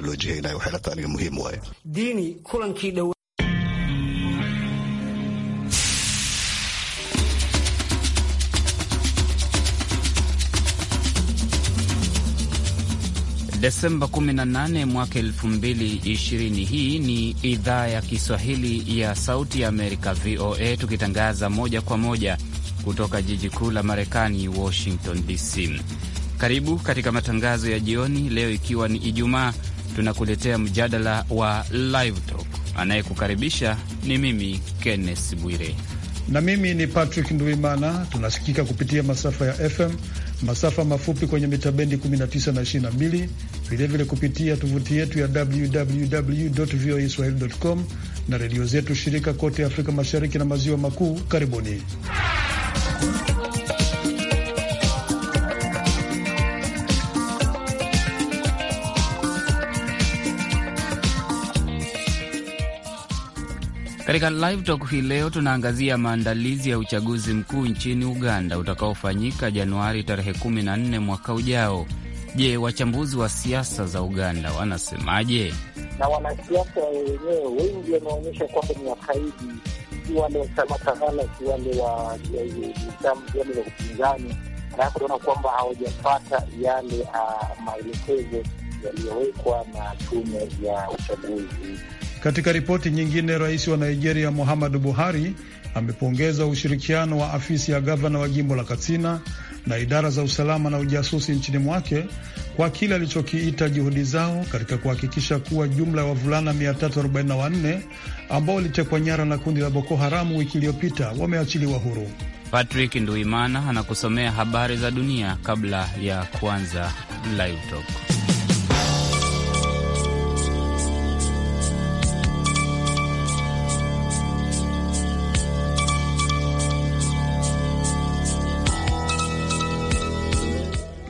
loo jihaynayo waxay la taaniga muhiim waaye diini kulankii dhowa Desemba 18 mwaka 2020. Hii ni idhaa ya Kiswahili ya Sauti ya Amerika, VOA, tukitangaza moja kwa moja kutoka jiji kuu la Marekani, Washington DC. Karibu katika matangazo ya jioni leo, ikiwa ni Ijumaa tunakuletea mjadala wa Live Talk. Anayekukaribisha ni mimi Kennes Bwire na mimi ni Patrick Nduimana. Tunasikika kupitia masafa ya FM, masafa mafupi kwenye mitabendi 19 na 22, vilevile kupitia tovuti yetu ya www voa swahili com na redio zetu shirika kote Afrika Mashariki na Maziwa Makuu. Karibuni Katika live talk hii leo tunaangazia maandalizi ya uchaguzi mkuu nchini Uganda utakaofanyika Januari tarehe 14 mwaka ujao. Je, wachambuzi wa siasa za Uganda wanasemaje? Na wanasiasa wenyewe wengi wanaonyesha kwamba ni wakaidi, si wale wa chama tawala, si wale wa vyama vya upinzani, alafu unaona kwamba hawajapata yale ah, maelekezo yaliyowekwa na tume ya uchaguzi. Katika ripoti nyingine, rais wa Nigeria Muhammadu Buhari amepongeza ushirikiano wa afisi ya gavana wa jimbo la Katsina na idara za usalama na ujasusi nchini mwake kwa kile alichokiita juhudi zao katika kuhakikisha kuwa jumla ya wavulana 344 ambao walitekwa nyara na kundi la Boko Haramu wiki iliyopita wameachiliwa huru. Patrick Nduimana anakusomea habari za dunia kabla ya kuanza live talk.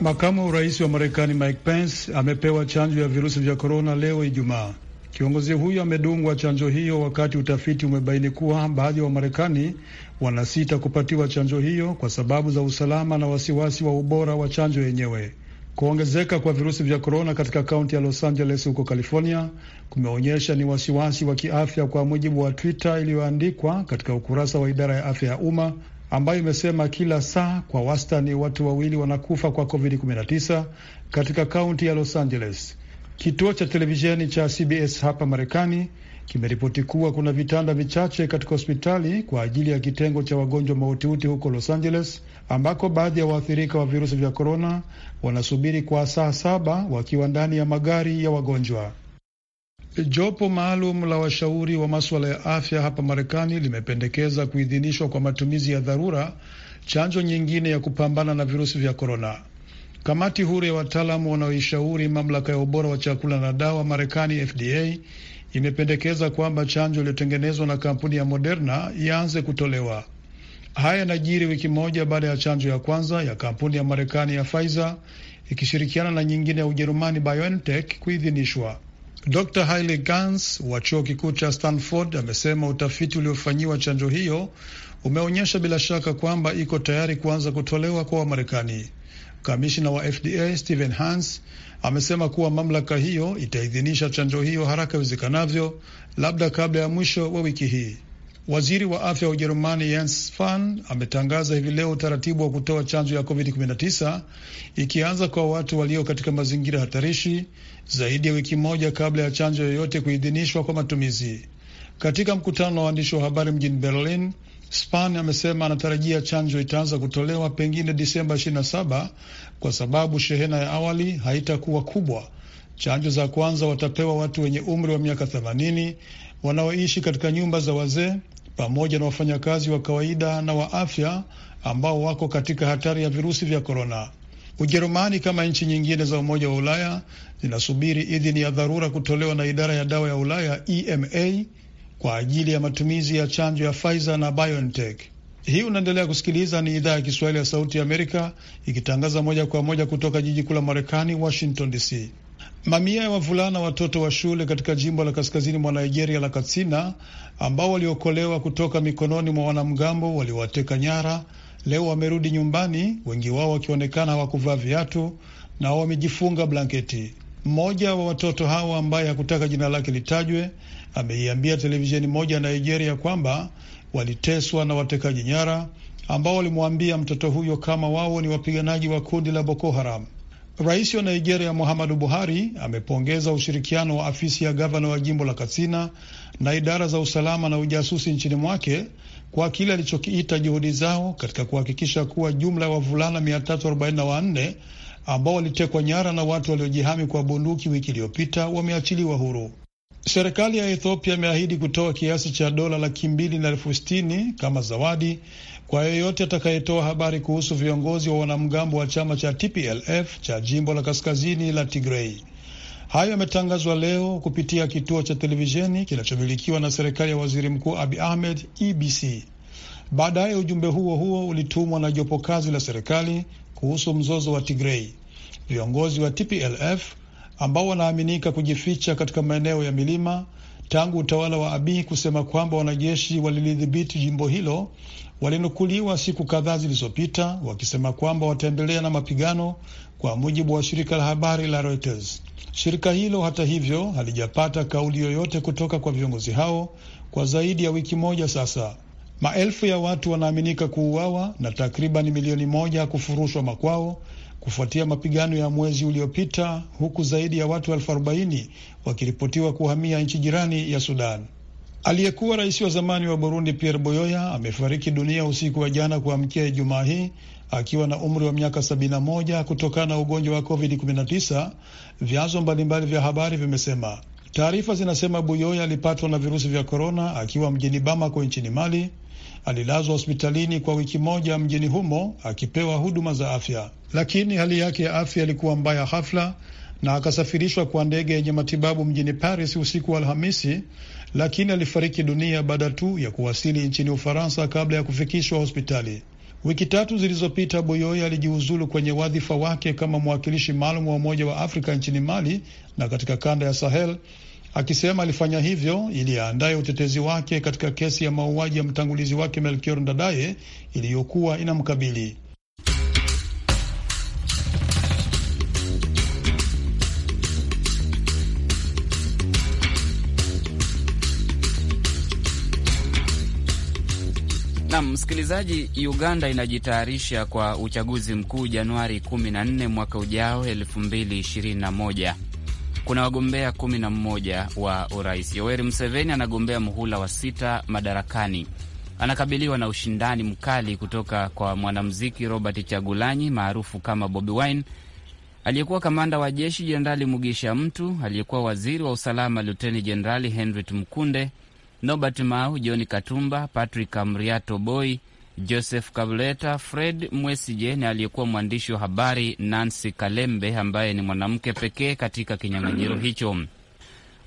Makamu wa rais wa Marekani Mike Pence amepewa chanjo ya virusi vya korona leo Ijumaa. Kiongozi huyo amedungwa chanjo hiyo wakati utafiti umebaini kuwa baadhi ya wa Wamarekani wanasita kupatiwa chanjo hiyo kwa sababu za usalama na wasiwasi wa ubora wa chanjo yenyewe. Kuongezeka kwa virusi vya korona katika kaunti ya Los Angeles huko California kumeonyesha ni wasiwasi wa kiafya, kwa mujibu wa Twitter iliyoandikwa katika ukurasa wa idara ya afya ya umma ambayo imesema kila saa kwa wastani watu wawili wanakufa kwa COVID-19 katika kaunti ya Los Angeles. Kituo cha televisheni cha CBS hapa Marekani kimeripoti kuwa kuna vitanda vichache katika hospitali kwa ajili ya kitengo cha wagonjwa mautiuti huko Los Angeles, ambako baadhi ya waathirika wa virusi vya korona wanasubiri kwa saa saba wakiwa ndani ya magari ya wagonjwa. Jopo maalum la washauri wa maswala ya afya hapa Marekani limependekeza kuidhinishwa kwa matumizi ya dharura chanjo nyingine ya kupambana na virusi vya korona. Kamati huru ya wataalamu wanaoishauri mamlaka ya ubora wa chakula na dawa Marekani, FDA, imependekeza kwamba chanjo iliyotengenezwa na kampuni ya Moderna ianze kutolewa. Haya yanajiri wiki moja baada ya chanjo ya kwanza ya kampuni ya Marekani ya Pfizer ikishirikiana na nyingine ya Ujerumani BioNTech kuidhinishwa. Dr Hailey Gans wa chuo kikuu cha Stanford amesema utafiti uliofanyiwa chanjo hiyo umeonyesha bila shaka kwamba iko tayari kuanza kutolewa kwa Wamarekani. kamishina wa FDA Stephen Hans amesema kuwa mamlaka hiyo itaidhinisha chanjo hiyo haraka iwezekanavyo, labda kabla ya mwisho wa wiki hii. Waziri wa afya wa Ujerumani Jens Spahn ametangaza hivi leo utaratibu wa kutoa chanjo ya COVID-19 ikianza kwa watu walio katika mazingira hatarishi zaidi ya wiki moja kabla ya chanjo yoyote kuidhinishwa kwa matumizi. Katika mkutano wa waandishi wa habari mjini Berlin, Spahn amesema anatarajia chanjo itaanza kutolewa pengine Disemba 27 kwa sababu shehena ya awali haitakuwa kubwa. Chanjo za kwanza watapewa watu wenye umri wa miaka wanaoishi katika nyumba za wazee pamoja na wafanyakazi wa kawaida na wa afya ambao wako katika hatari ya virusi vya korona. Ujerumani kama nchi nyingine za Umoja wa Ulaya zinasubiri idhini ya dharura kutolewa na idara ya dawa ya Ulaya EMA kwa ajili ya matumizi ya chanjo ya Pfizer na BioNTech. Hii unaendelea kusikiliza, ni idhaa ya Kiswahili ya Sauti ya Amerika ikitangaza moja kwa moja kutoka jiji kuu la Marekani, Washington DC. Mamia ya wavulana watoto wa shule katika jimbo la kaskazini mwa Nigeria la Katsina, ambao waliokolewa kutoka mikononi mwa wanamgambo waliowateka nyara, leo wamerudi nyumbani, wengi wao wakionekana hawakuvaa viatu na wamejifunga blanketi. Mmoja wa watoto hao ambaye hakutaka jina lake litajwe ameiambia televisheni moja ya Nigeria kwamba waliteswa na watekaji nyara ambao walimwambia mtoto huyo kama wao ni wapiganaji wa kundi la Boko Haram. Rais wa Nigeria Muhammadu Buhari amepongeza ushirikiano wa afisi ya gavana wa jimbo la Katsina na idara za usalama na ujasusi nchini mwake kwa kile alichokiita juhudi zao katika kuhakikisha kuwa jumla ya wavulana 344 ambao walitekwa nyara na watu waliojihami kwa bunduki wiki iliyopita wameachiliwa huru. Serikali ya Ethiopia imeahidi kutoa kiasi cha dola laki mbili na elfu sitini kama zawadi kwa yeyote atakayetoa habari kuhusu viongozi wa wanamgambo wa chama cha TPLF cha jimbo la kaskazini la Tigrei. Hayo yametangazwa leo kupitia kituo cha televisheni kinachomilikiwa na serikali ya waziri mkuu Abi Ahmed, EBC. Baadaye ujumbe huo huo ulitumwa na jopo kazi la serikali kuhusu mzozo wa Tigrei. Viongozi wa TPLF ambao wanaaminika kujificha katika maeneo ya milima tangu utawala wa Abiy kusema kwamba wanajeshi walilidhibiti jimbo hilo walinukuliwa siku kadhaa zilizopita wakisema kwamba wataendelea na mapigano, kwa mujibu wa shirika la habari la Reuters. Shirika hilo hata hivyo halijapata kauli yoyote kutoka kwa viongozi hao kwa zaidi ya wiki moja sasa. Maelfu ya watu wanaaminika kuuawa na takriban milioni moja kufurushwa makwao kufuatia mapigano ya mwezi uliopita, huku zaidi ya watu elfu arobaini wakiripotiwa kuhamia nchi jirani ya Sudan. Aliyekuwa rais wa zamani wa Burundi Pierre Boyoya amefariki dunia usiku wa jana kuamkia Ijumaa hii akiwa na umri wa miaka 71 kutokana na ugonjwa wa COVID-19, vyanzo mbalimbali vya habari vimesema. Taarifa zinasema Buyoya alipatwa na virusi vya korona akiwa mjini Bamako nchini Mali alilazwa hospitalini kwa wiki moja mjini humo akipewa huduma za afya, lakini hali yake ya afya ilikuwa mbaya ghafla na akasafirishwa kwa ndege yenye matibabu mjini Paris usiku wa Alhamisi, lakini alifariki dunia baada tu ya kuwasili nchini Ufaransa kabla ya kufikishwa hospitali. Wiki tatu zilizopita, Boyoya alijiuzulu kwenye wadhifa wake kama mwakilishi maalum wa Umoja wa Afrika nchini Mali na katika kanda ya Sahel akisema alifanya hivyo ili aandaye utetezi wake katika kesi ya mauaji ya mtangulizi wake Melchior Ndadaye iliyokuwa inamkabili. Nam msikilizaji, Uganda inajitayarisha kwa uchaguzi mkuu Januari 14 mwaka ujao 2021 kuna wagombea kumi na mmoja wa urais. Yoweri Museveni anagombea muhula wa sita madarakani. Anakabiliwa na ushindani mkali kutoka kwa mwanamuziki Robert Chagulanyi maarufu kama Bobi Wine, aliyekuwa kamanda wa jeshi Jenerali Mugisha Mtu, aliyekuwa waziri wa usalama Luteni Jenerali Henry mkunde Nobert Mau, John Katumba, Patrick Amriato Boy, Joseph Kabuleta, Fred Mwesije ni aliyekuwa mwandishi wa habari Nancy Kalembe ambaye ni mwanamke pekee katika kinyang'anyiro hicho.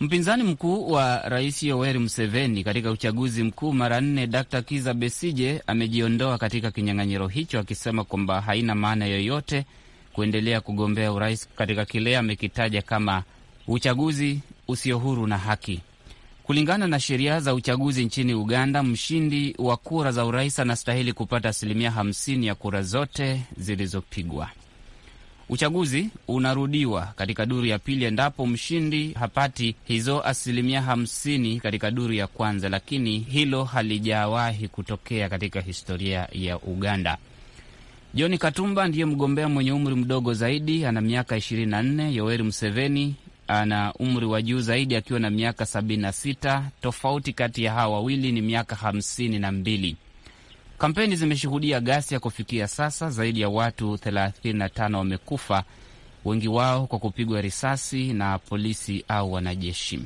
Mpinzani mkuu wa rais Yoweri Museveni katika uchaguzi mkuu mara nne, Dr Kiza Besije amejiondoa katika kinyang'anyiro hicho akisema kwamba haina maana yoyote kuendelea kugombea urais katika kile amekitaja kama uchaguzi usio huru na haki. Kulingana na sheria za uchaguzi nchini Uganda, mshindi wa kura za urais anastahili kupata asilimia 50 ya kura zote zilizopigwa. Uchaguzi unarudiwa katika duru ya pili endapo mshindi hapati hizo asilimia 50 katika duru ya kwanza, lakini hilo halijawahi kutokea katika historia ya Uganda. John Katumba ndiye mgombea mwenye umri mdogo zaidi, ana miaka 24. Yoweri Museveni ana umri wa juu zaidi akiwa na miaka sabini na sita. Tofauti kati ya hawa wawili ni miaka hamsini na mbili. Kampeni zimeshuhudia ghasia. Kufikia sasa zaidi ya watu 35 wamekufa, wengi wao kwa kupigwa risasi na polisi au wanajeshi.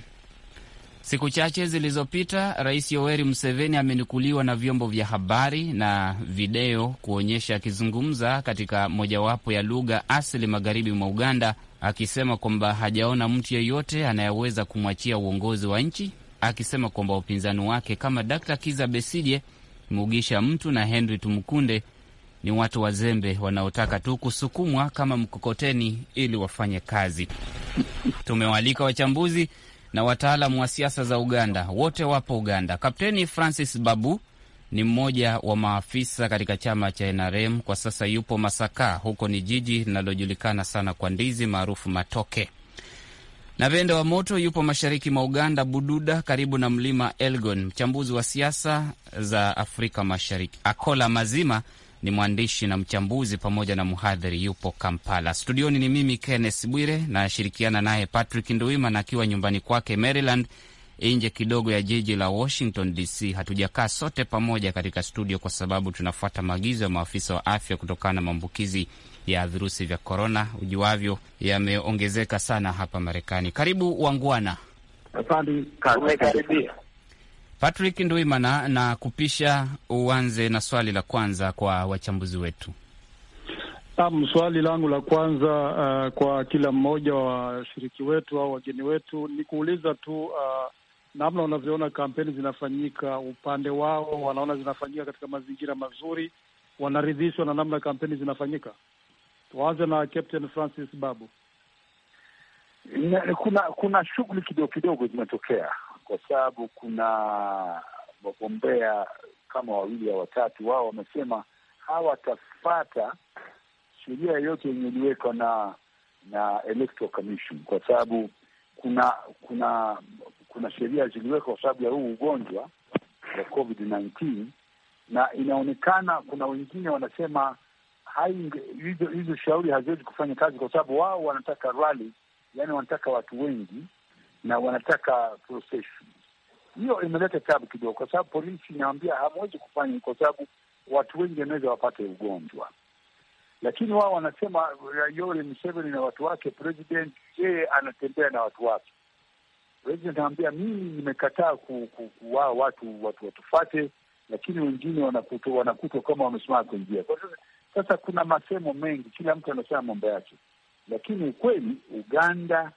Siku chache zilizopita, Rais Yoweri Museveni amenukuliwa na vyombo vya habari na video kuonyesha akizungumza katika mojawapo ya lugha asili magharibi mwa Uganda akisema kwamba hajaona mtu yeyote anayeweza kumwachia uongozi wa nchi, akisema kwamba upinzani wake kama Dkt. Kiza besije Mugisha Mtu na Henry Tumukunde ni watu wazembe wanaotaka tu kusukumwa kama mkokoteni ili wafanye kazi. Tumewaalika wachambuzi na wataalamu wa siasa za Uganda, wote wapo Uganda. Kapteni Francis Babu ni mmoja wa maafisa katika chama cha NRM. Kwa sasa yupo Masaka, huko ni jiji linalojulikana sana kwa ndizi maarufu matoke. Na Vende wa Moto yupo mashariki mwa Uganda, Bududa, karibu na mlima Elgon, mchambuzi wa siasa za Afrika Mashariki. Akola Mazima ni mwandishi na mchambuzi pamoja na mhadhiri, yupo Kampala. Studioni ni mimi Kenneth Bwire, nashirikiana naye Patrick Nduima na akiwa nyumbani kwake Maryland nje kidogo ya jiji la Washington DC. Hatujakaa sote pamoja katika studio kwa sababu tunafuata maagizo ya maafisa wa afya kutokana na maambukizi ya virusi vya korona, ujuavyo, yameongezeka sana hapa Marekani. Karibu wangwana Patrick Ndwimana, na kupisha uanze na swali la kwanza kwa wachambuzi wetu. Naam, swali langu la kwanza uh, kwa kila mmoja wa washiriki wetu au wageni wetu ni kuuliza tu uh, namna unavyoona kampeni zinafanyika upande wao, wanaona zinafanyika katika mazingira mazuri, wanaridhishwa na namna kampeni zinafanyika? Tuanze na Captain Francis Babu. Kuna kuna shughuli kidogo kidogo zimetokea, kwa sababu kuna wagombea kama wawili au watatu, wao wamesema hawatafata sheria yoyote yenye iliwekwa na na Electoral Commission kwa sababu kuna kuna kuna sheria ziliwekwa kwa sababu ya huu ugonjwa wa Covid 19 na inaonekana kuna wengine wanasema hizo shauri haziwezi kufanya kazi kwa sababu wao wanataka rali, yani wanataka watu wengi na wanataka procession. Hiyo imeleta tabu kidogo, kwa sababu polisi inawambia hamwezi kufanya kwa sababu watu wengi wanaweza wapate ugonjwa, lakini wao wanasema uh, Yoweri Museveni na watu wake, president yeye anatembea na watu wake Rais anaambia mimi nimekataa kuwaa watu watu watufate, lakini wengine wanakutwa kama wamesimama kuingia njia. Kwa sasa, sasa kuna masemo mengi, kila mtu anasema mambo yake, lakini ukweli Uganda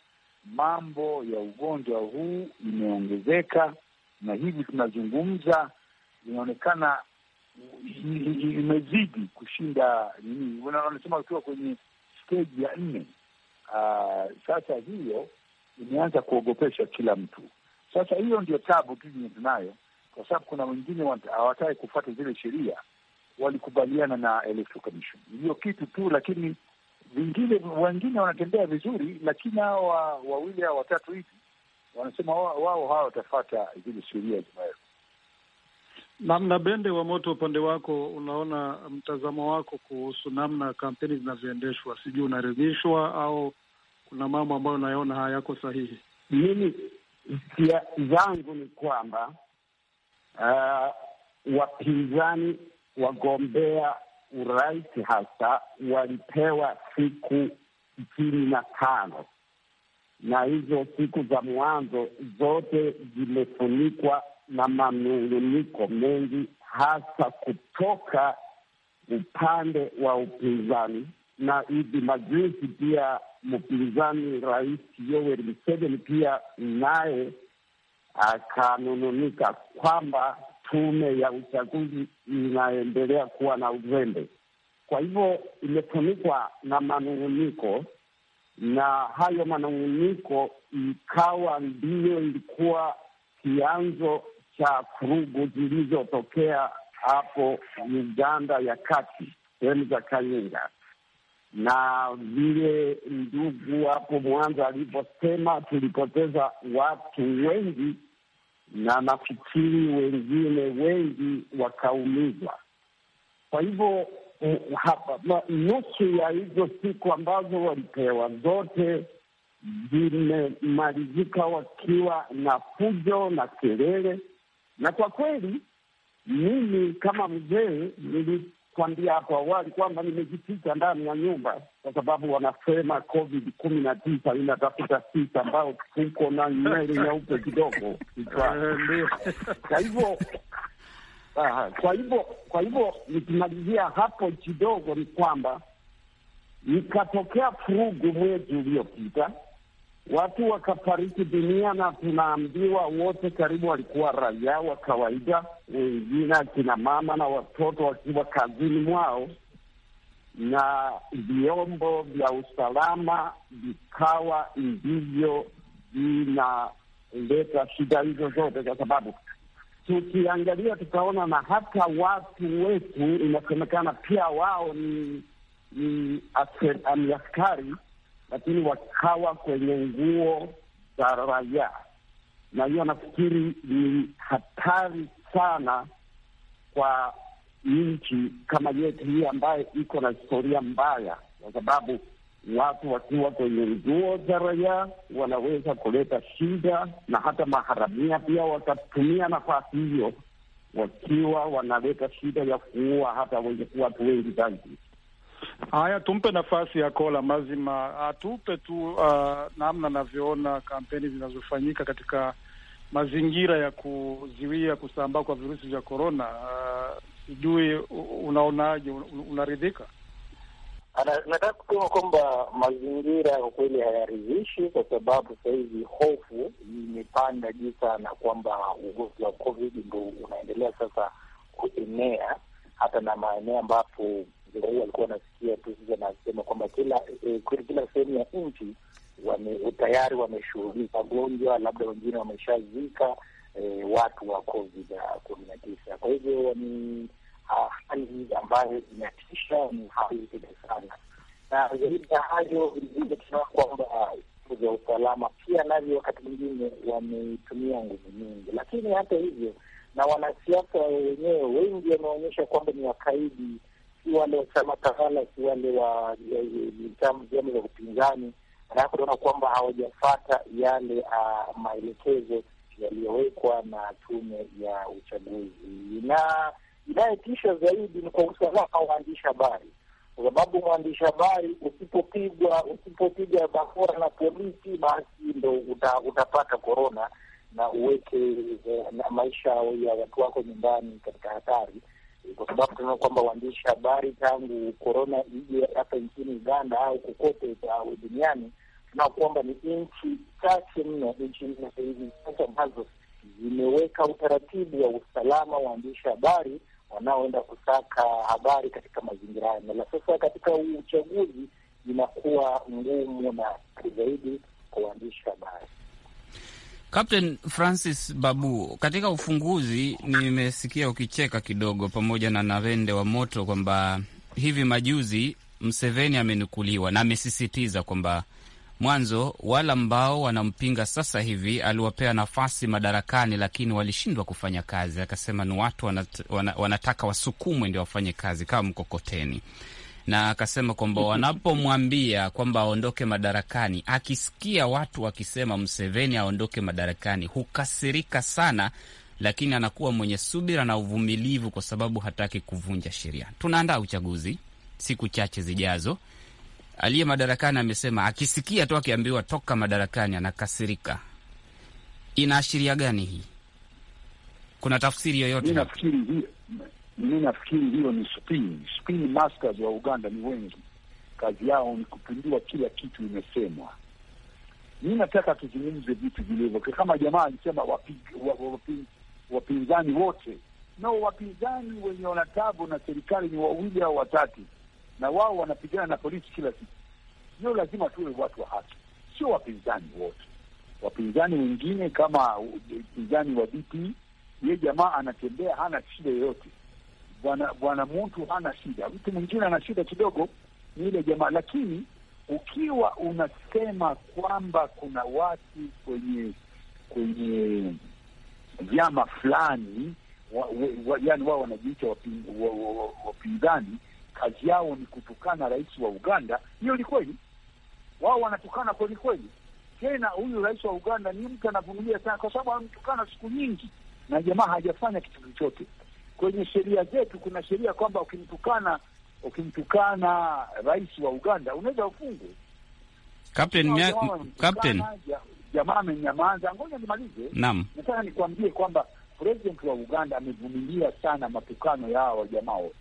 mambo ya ugonjwa huu imeongezeka, na hivi tunazungumza inaonekana imezidi kushinda nini, wanasema ukiwa kwenye steji ya nne. Uh, sasa hiyo imeanza kuogopesha kila mtu. Sasa hiyo ndio tabu tunayo tunayo, kwa sababu kuna wengine hawataki kufuata zile sheria, walikubaliana na Electoral Commission, hiyo kitu tu, lakini vingine wengine wanatembea vizuri, lakini hawa wawili au watatu hivi wanasema wao hawa watafata zile sheria zinaweka namna Bende wa Moto, upande wako, unaona mtazamo wako kuhusu namna kampeni zinavyoendeshwa, sijui unaridhishwa au kuna mambo ambayo unayaona hayako sahihi. Mimi hisia zangu ni kwamba uh, wapinzani wagombea urais hasa walipewa siku ishirini na tano na hizo siku za mwanzo zote zimefunikwa na manunguniko mengi, hasa kutoka upande wa upinzani na Idi Majuzi, pia mpinzani Rais Yoweri Museveni pia naye akanun'unika kwamba tume ya uchaguzi inaendelea kuwa na uzembe. Kwa hivyo imefunikwa na manung'uniko, na hayo manung'uniko ikawa ndiyo ilikuwa kianzo cha furugu zilizotokea hapo Uganda ya kati, sehemu za kanyinga na vile ndugu hapo Mwanza alivyosema, tulipoteza watu wengi na nafikiri wengine wengi wakaumizwa. Kwa hivyo hapa nusu ya hizo siku ambazo walipewa zote zimemalizika wakiwa na fujo na kelele, na kwa kweli mimi kama mzee kuambia hapo awali kwamba nimejificha ndani ya nyumba kwa sababu wanasema COVID kumi na tisa inatafuta sisi ambao tuko na nywele nyeupe kidogo. Eh, kwa hivyo kwa hivyo kwa hivyo nikimalizia hapo kidogo ni kwamba nikatokea furugu mwezi uliopita watu wakafariki dunia, na tunaambiwa wote karibu walikuwa raia wa kawaida, wengine akina mama na watoto wakiwa kazini mwao, na vyombo vya usalama vikawa ndivyo vinaleta shida hizo zote, kwa sababu tukiangalia tukaona, na hata watu wetu inasemekana pia wao ni ni askari lakini wakawa kwenye nguo za raia, na hiyo nafikiri ni hatari sana kwa nchi kama yetu hii ambayo iko na historia mbaya, kwa sababu watu wakiwa kwenye nguo za raia wanaweza kuleta shida, na hata maharamia pia wakatumia nafasi hiyo, wakiwa wanaleta shida ya kuua hata watu wengi zaidi. Haya, tumpe nafasi ya Kola mazima atupe tu uh, namna anavyoona kampeni zinazofanyika katika mazingira ya kuzuia kusambaa kwa virusi vya korona. Uh, sijui uh, unaonaje? Unaridhika? Nataka kusema kwamba mazingira kwa kweli hayaridhishi, kwa sababu sahizi hofu imepanda juu sana kwamba ugonjwa wa COVID ndo unaendelea sasa kuenea hata na maeneo ambapo ndo huu walikuwa wanasikia tu sasa, nasema kwamba kila eh, kila sehemu ya nchi wame, tayari wameshuhudia wagonjwa, labda wengine wameshazika eh, watu wa covid kumi na tisa. Kwa hivyo ni ah, hali ambayo inatisha, ni hali kubwa sana, na zaidi ya hayo vilevile tunaona kwamba za ah, usalama pia navyo wakati mwingine wametumia nguvu nyingi, lakini hata hivyo na wanasiasa wenyewe wengi wameonyesha kwamba ni wakaidi si wale wa chama tawala, si wale wa vyama vya upinzani, halafu kwamba hawajafata yale ah, maelekezo yaliyowekwa na tume ya uchaguzi. Na inayotisha zaidi ni kwa usalama wa waandishi habari, kwa sababu mwandishi habari usipopigwa, usipopiga bakora na polisi, basi ndo uta, utapata korona na uweke eh, na maisha ya watu wako nyumbani katika hatari kwa sababu tunaona kwamba waandishi habari tangu korona ije hapa nchini Uganda au kokote duniani, tunaona kwamba ni nchi chache mno, nchi chache ambazo zimeweka utaratibu wa usalama waandishi habari wanaoenda kusaka habari katika mazingira hayo. Na sasa katika uchaguzi inakuwa ngumu na zaidi kwa waandishi habari. Captain Francis Babu, katika ufunguzi nimesikia ukicheka kidogo pamoja na Narende wa Moto kwamba hivi majuzi Mseveni amenukuliwa na amesisitiza kwamba mwanzo wale ambao wanampinga sasa hivi aliwapea nafasi madarakani, lakini walishindwa kufanya kazi. Akasema ni watu wanat, wanataka wasukumwe ndio wafanye kazi kama mkokoteni na akasema kwamba wanapomwambia kwamba aondoke madarakani, akisikia watu wakisema mseveni aondoke madarakani hukasirika sana, lakini anakuwa mwenye subira na uvumilivu kwa sababu hataki kuvunja sheria. Tunaandaa uchaguzi siku chache zijazo. Aliye madarakani amesema akisikia tu akiambiwa toka madarakani anakasirika. Inaashiria gani hii? Kuna tafsiri yoyote? mi nafikiri hiyo ni spin. Spin masters wa Uganda ni wengi, kazi yao ni kupindua kila kitu imesemwa. Mi nataka tuzungumze vitu vilivyo kama jamaa alisema wapi, wapi, wapinzani wote no, wapinzani wenye wanatabu na serikali ni wawili au watatu, na wao wanapigana na polisi kila siku. Hiyo lazima tuwe watu wa haki, sio wapinzani wote. Wapinzani wengine kama upinzani eh, wa DP, ye jamaa anatembea hana shida yoyote bwana bwana, mtu hana shida. Mtu mwingine ana shida kidogo, ni ile jamaa. Lakini ukiwa unasema kwamba kuna watu kwenye kwenye vyama fulani wa, wa, yani wao wanajiita wapinzani kazi yao ni kutukana rais wa Uganda. Hiyo ni kweli, wao wanatukana kweli kweli. Tena huyu rais wa Uganda ni mtu anavumilia sana, kwa sababu amtukana siku nyingi na jamaa hajafanya kitu chochote kwenye sheria zetu kuna sheria kwamba ukimtukana ukimtukana rais wa Uganda unaweza ufungwe. Captain Mia... Captain jamaa amenyamaza, ngoja nimalize. Naam, nataka nikwambie kwamba president wa Uganda amevumilia sana matukano yao wa jamaa wote,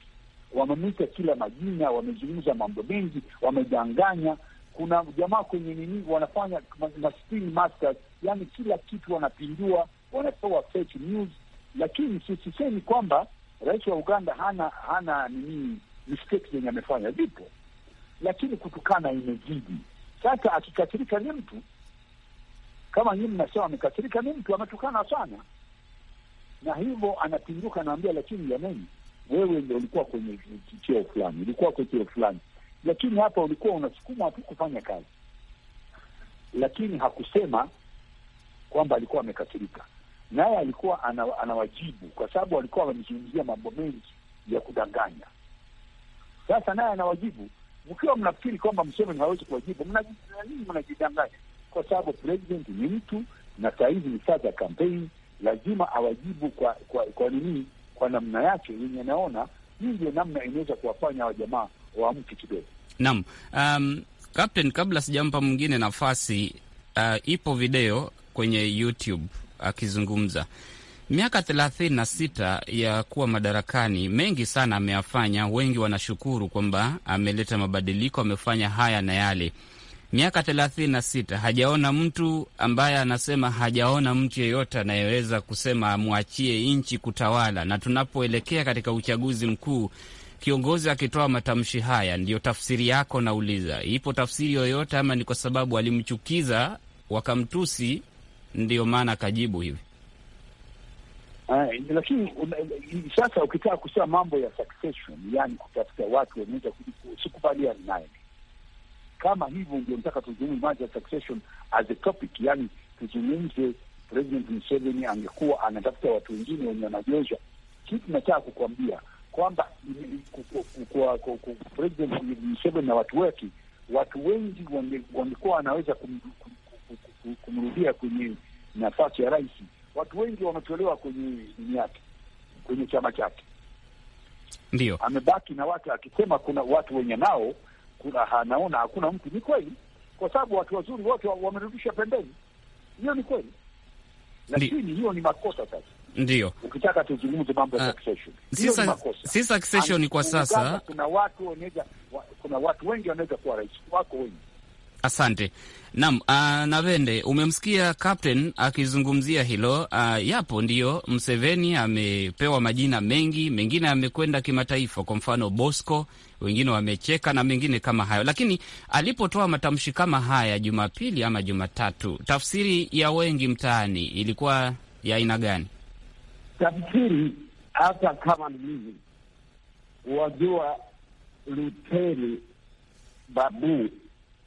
wamemwita kila majina, wamezungumza mambo mengi, wamedanganya. Kuna jamaa kwenye nini wanafanya ma spin masters, yani kila kitu wanapindua, wanatoa fake news lakini sisisemi kwamba rais wa Uganda hana hana nini mistake yenye amefanya, zipo, lakini kutukana imezidi. Sasa akikasirika ni mtu kama nyinyi mnasema amekasirika, ni mtu ametukana sana, na hivyo anapinduka, naambia, lakini jamani, wewe ndio ulikuwa kwenye cheo fulani, ulikuwa kwenye cheo fulani, lakini hapa ulikuwa unasukuma tu kufanya kazi, lakini hakusema kwamba alikuwa amekasirika naye alikuwa anawajibu kwa sababu walikuwa wamezungumzia mambo mengi ya kudanganya. Sasa naye anawajibu, mkiwa mnafikiri kwamba Museveni hawezi kuwajibu, mnanii mnajidanganya, kwa sababu president ni mtu na saa hizi ni saa za kampeni, lazima awajibu kwa kwa, kwa nini kwa namna yake yenye anaona hii ndio namna inaweza kuwafanya wajamaa waamke kidogo. Naam, um, Captain, kabla sijampa mwingine nafasi, uh, ipo video kwenye YouTube akizungumza miaka thelathini na sita ya kuwa madarakani, mengi sana ameyafanya. Wengi wanashukuru kwamba ameleta mabadiliko, amefanya haya na yale. Miaka thelathini na sita hajaona mtu ambaye anasema, hajaona mtu yeyote anayeweza kusema amwachie nchi kutawala. Na tunapoelekea katika uchaguzi mkuu, kiongozi akitoa matamshi haya, ndiyo tafsiri yako? Nauliza, ipo tafsiri yoyote ama ni kwa sababu alimchukiza wakamtusi ndio maana akajibu hivi. lakini sasa ukitaka kusema mambo ya succession, yani kutafuta watu wanaweza, sikubaliani naye. Kama hivyo ndio nataka tuzungumze mambo ya succession as a topic, yani tuzungumze President Museveni angekuwa anatafuta watu wengine wenye wanajoja kitu. Nataka kukuambia kwamba President Museveni na watu wake, watu wengi wangekuwa wanaweza kumrudia kwenye nafasi ya rais, watu wengi wametolewa kwenye dini yake, kwenye chama chake, ndio amebaki na watu akisema kuna watu wenye nao kuna anaona hakuna mtu. Ni kweli, kwa sababu watu wazuri wote wamerudisha pembeni. Hiyo ni kweli, lakini hiyo ni makosa sasa ndio ukitaka tuzungumze mambo ya ah, succession, si succession kwa sasa. Kuna watu wengi wanaweza kuwa rais wako wengi Asante nam uh, ah, Navende, umemsikia captain akizungumzia hilo uh, yapo ndiyo. Mseveni amepewa majina mengi, mengine amekwenda kimataifa, kwa mfano Bosco, wengine wamecheka na mengine kama hayo, lakini alipotoa matamshi kama haya Jumapili ama Jumatatu, tafsiri ya wengi mtaani ilikuwa ya aina gani? Tafsiri hata kama nilivyo wajua, Luteni Babu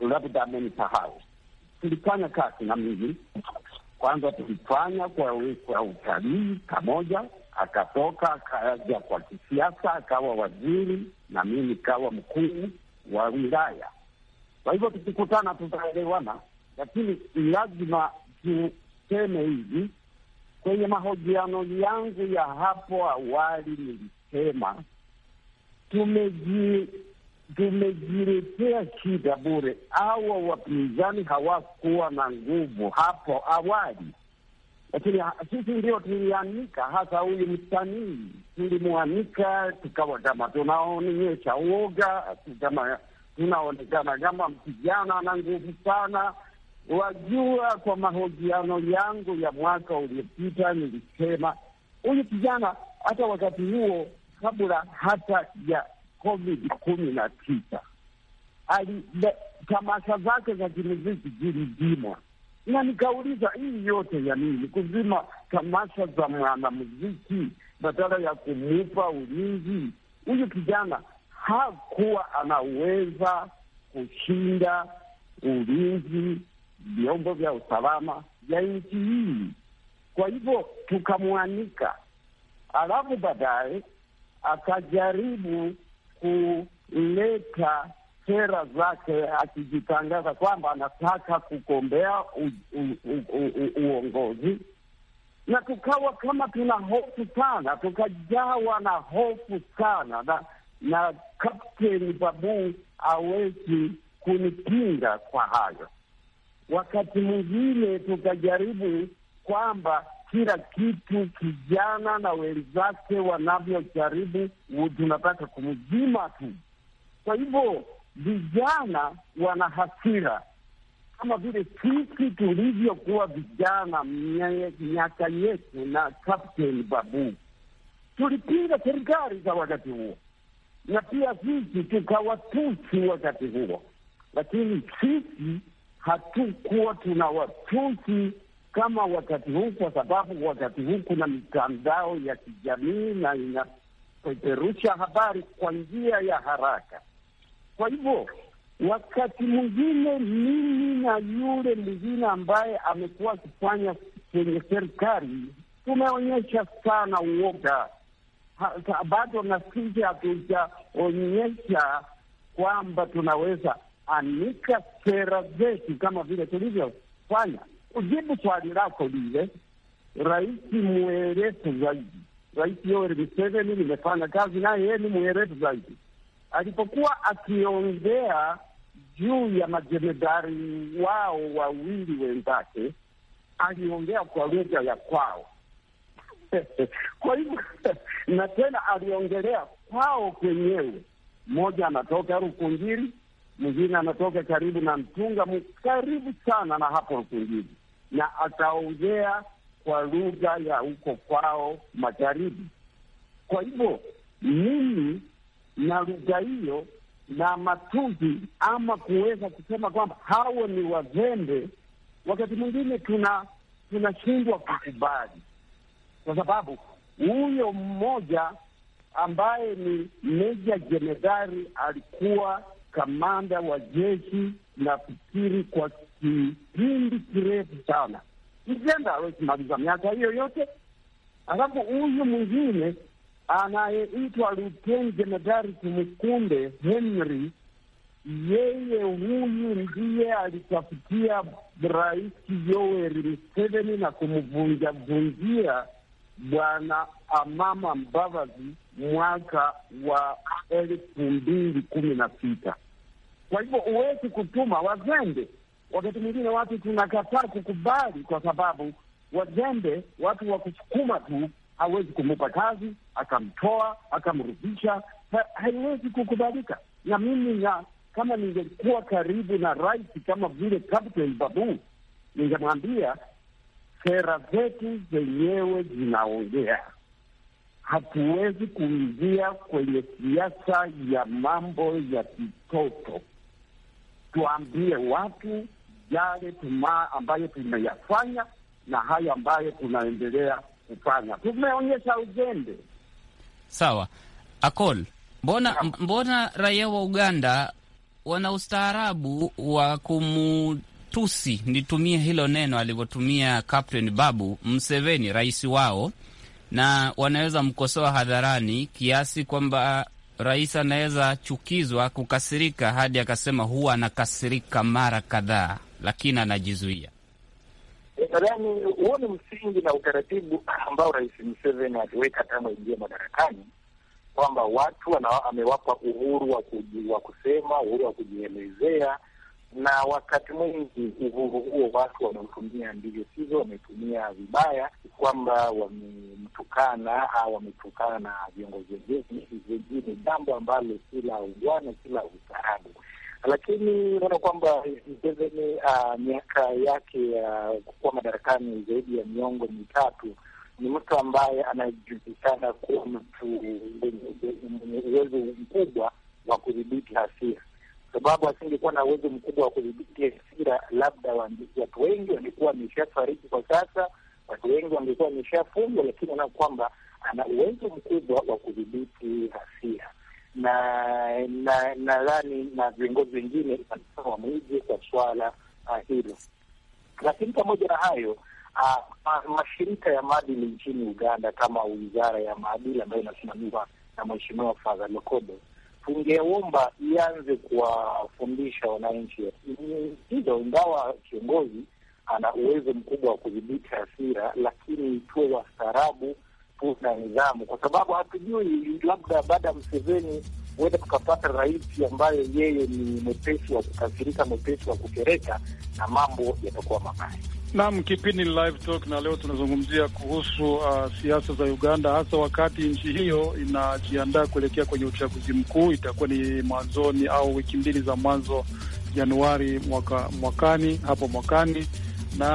labda amenisahau. Tulifanya kazi na mimi kwanza, tulifanya kwa utalii pamoja, akatoka akaja kwa kisiasa, akawa waziri na mimi nikawa mkuu wa wilaya. Kwa hivyo tukikutana tutaelewana, lakini lazima tuseme hivi. Kwenye mahojiano yangu ya hapo awali nilisema tumeji tumejiletea shida bure. Awa wapinzani hawakuwa na nguvu hapo awali, lakini sisi ndio tulianika, hasa huyu msanii tulimwanika, tukawa kama tunaonyesha uoga, tunaonekana kama msijana na nguvu sana. Wajua, kwa mahojiano yangu ya mwaka uliopita nilisema huyu kijana hata wakati huo kabla hata ya COVID kumi na tisa. Tamasha zake za kimuziki zilizimwa, na nikauliza hii yote ya nini? Kuzima tamasha za mwanamuziki badala ya kumupa ulinzi huyu kijana hakuwa anaweza kushinda ulinzi vyombo vya usalama vya nchi hii. Kwa hivyo tukamwanika, alafu baadaye akajaribu kuleta sera zake akijitangaza kwamba anataka kugombea uongozi, na tukawa kama tuna hofu sana, tukajawa na hofu sana na, na Kapteni Babu awezi kunipinga kwa hayo. Wakati mwingine tukajaribu kwamba kila kitu kijana na wenzake wanavyojaribu, tunataka kumzima tu. Kwa hivyo vijana wana hasira kama vile sisi tulivyokuwa vijana miaka yetu na Captain Babu, tulipinga serikali za wakati huo na pia sisi tukawatusi wakati huo, lakini sisi hatukuwa tunawatusi kama wakati huu, kwa sababu wakati huu kuna mitandao ya kijamii na inapeperusha habari kwa njia ya haraka. Kwa hivyo wakati mwingine mimi na yule mwingine ambaye amekuwa akifanya kwenye serikali tumeonyesha sana uoga. Bado na sisi hatujaonyesha kwamba tunaweza anika sera zetu kama vile tulivyofanya. Ujibu swali lako lile, rais mwerefu zaidi, Rais Yoweri Museveni, nimefanya kazi naye, yeye ni mwerefu zaidi. Alipokuwa akiongea juu ya majemedari wao wawili wenzake, aliongea kwa lugha ya kwao kwa hivyo na tena aliongelea kwao kwenyewe. Mmoja anatoka Rukungiri, mwingine anatoka karibu na Mtunga, karibu sana na hapo Rukungiri na ataongea kwa lugha ya huko kwao magharibi. Kwa hivyo mimi na lugha hiyo na matuzi ama kuweza kusema kwamba hawa ni wazembe, wakati mwingine tuna tunashindwa kukubali, kwa sababu huyo mmoja ambaye ni meja jenerali alikuwa kamanda wa jeshi, nafikiri kwa kipindi kirefu sana. Mjenda hawezi maliza miaka hiyo yote. Alafu huyu mwingine anayeitwa Luteni Jemedari Tumukunde Henry, yeye huyu ndiye alitafutia Rais Yoweri Museveni na kumvunjavunjia Bwana Amama Mbabazi mwaka wa elfu mbili kumi na sita. Kwa hivyo huwezi kutuma wazembe wakati mwingine watu tunakataa kukubali, kwa sababu wajembe, watu wa kusukuma tu, hawezi kumupa kazi akamtoa akamrudisha, haiwezi kukubalika. Na mimi na kama ningekuwa karibu na rais kama vile Kapteni Babu, ningemwambia sera zetu zenyewe zinaongea. Hatuwezi kuingia kwenye siasa ya mambo ya kitoto. Tuambie watu yale tuma ambayo tumeyafanya na hayo ambayo tunaendelea kufanya. Tumeonyesha uzembe. Sawa Akol, mbona mbona raia wa Uganda wana ustaarabu wa kumutusi, nitumie hilo neno alivyotumia Captain Babu Mseveni, rais wao, na wanaweza mkosoa hadharani kiasi kwamba rais anaweza chukizwa, kukasirika hadi akasema huwa anakasirika mara kadhaa lakini anajizuia. Nadhani huo ni msingi na utaratibu ambao Rais Museveni aliweka tangu aingia madarakani kwamba watu amewapa uhuru wa wa kusema uhuru wa kujielezea, na wakati mwingi uhuru huo watu wameutumia ndivyo sivyo, wametumia vibaya, kwamba wamemtukana au wametukana na viongozi wengine, jambo ambalo si la ugwana si la ustaarabu lakini unaona kwamba Museveni uh, miaka yake ya uh, kuwa madarakani zaidi ya miongo mitatu, ni mtu ambaye anajulikana kuwa mtu mwenye uwezo mkubwa wa kudhibiti hasira, sababu asingekuwa na uwezo mkubwa wa kudhibiti hasira, labda watu wengi wangekuwa wameshafariki kwa sasa, watu wengi wangekuwa wameshafungwa, lakini unaona kwamba ana uwezo mkubwa wa kudhibiti hasira na nadhani na viongozi wengine wa wamwige kwa swala ah, hilo. Lakini pamoja na hayo, ah, ah, mashirika ya maadili nchini Uganda kama wizara ya maadili ambayo inasimamiwa na Mheshimiwa Father Lokodo tungeomba ianze kuwafundisha wananchi hizo, ingawa kiongozi ana uwezo mkubwa wa kudhibiti hasira, lakini tuwe wastaarabu nguvu nidhamu, kwa sababu hatujui, labda baada ya Mseveni huenda tukapata rais ambayo yeye ni mwepesi wa kukasirika, mwepesi wa kukereka na mambo yatakuwa mabaya. Naam, kipindi ni Live Talk na leo tunazungumzia kuhusu uh, siasa za Uganda, hasa wakati nchi hiyo inajiandaa kuelekea kwenye uchaguzi mkuu. Itakuwa ni mwanzoni au wiki mbili za mwanzo Januari mwaka mwakani hapo mwakani na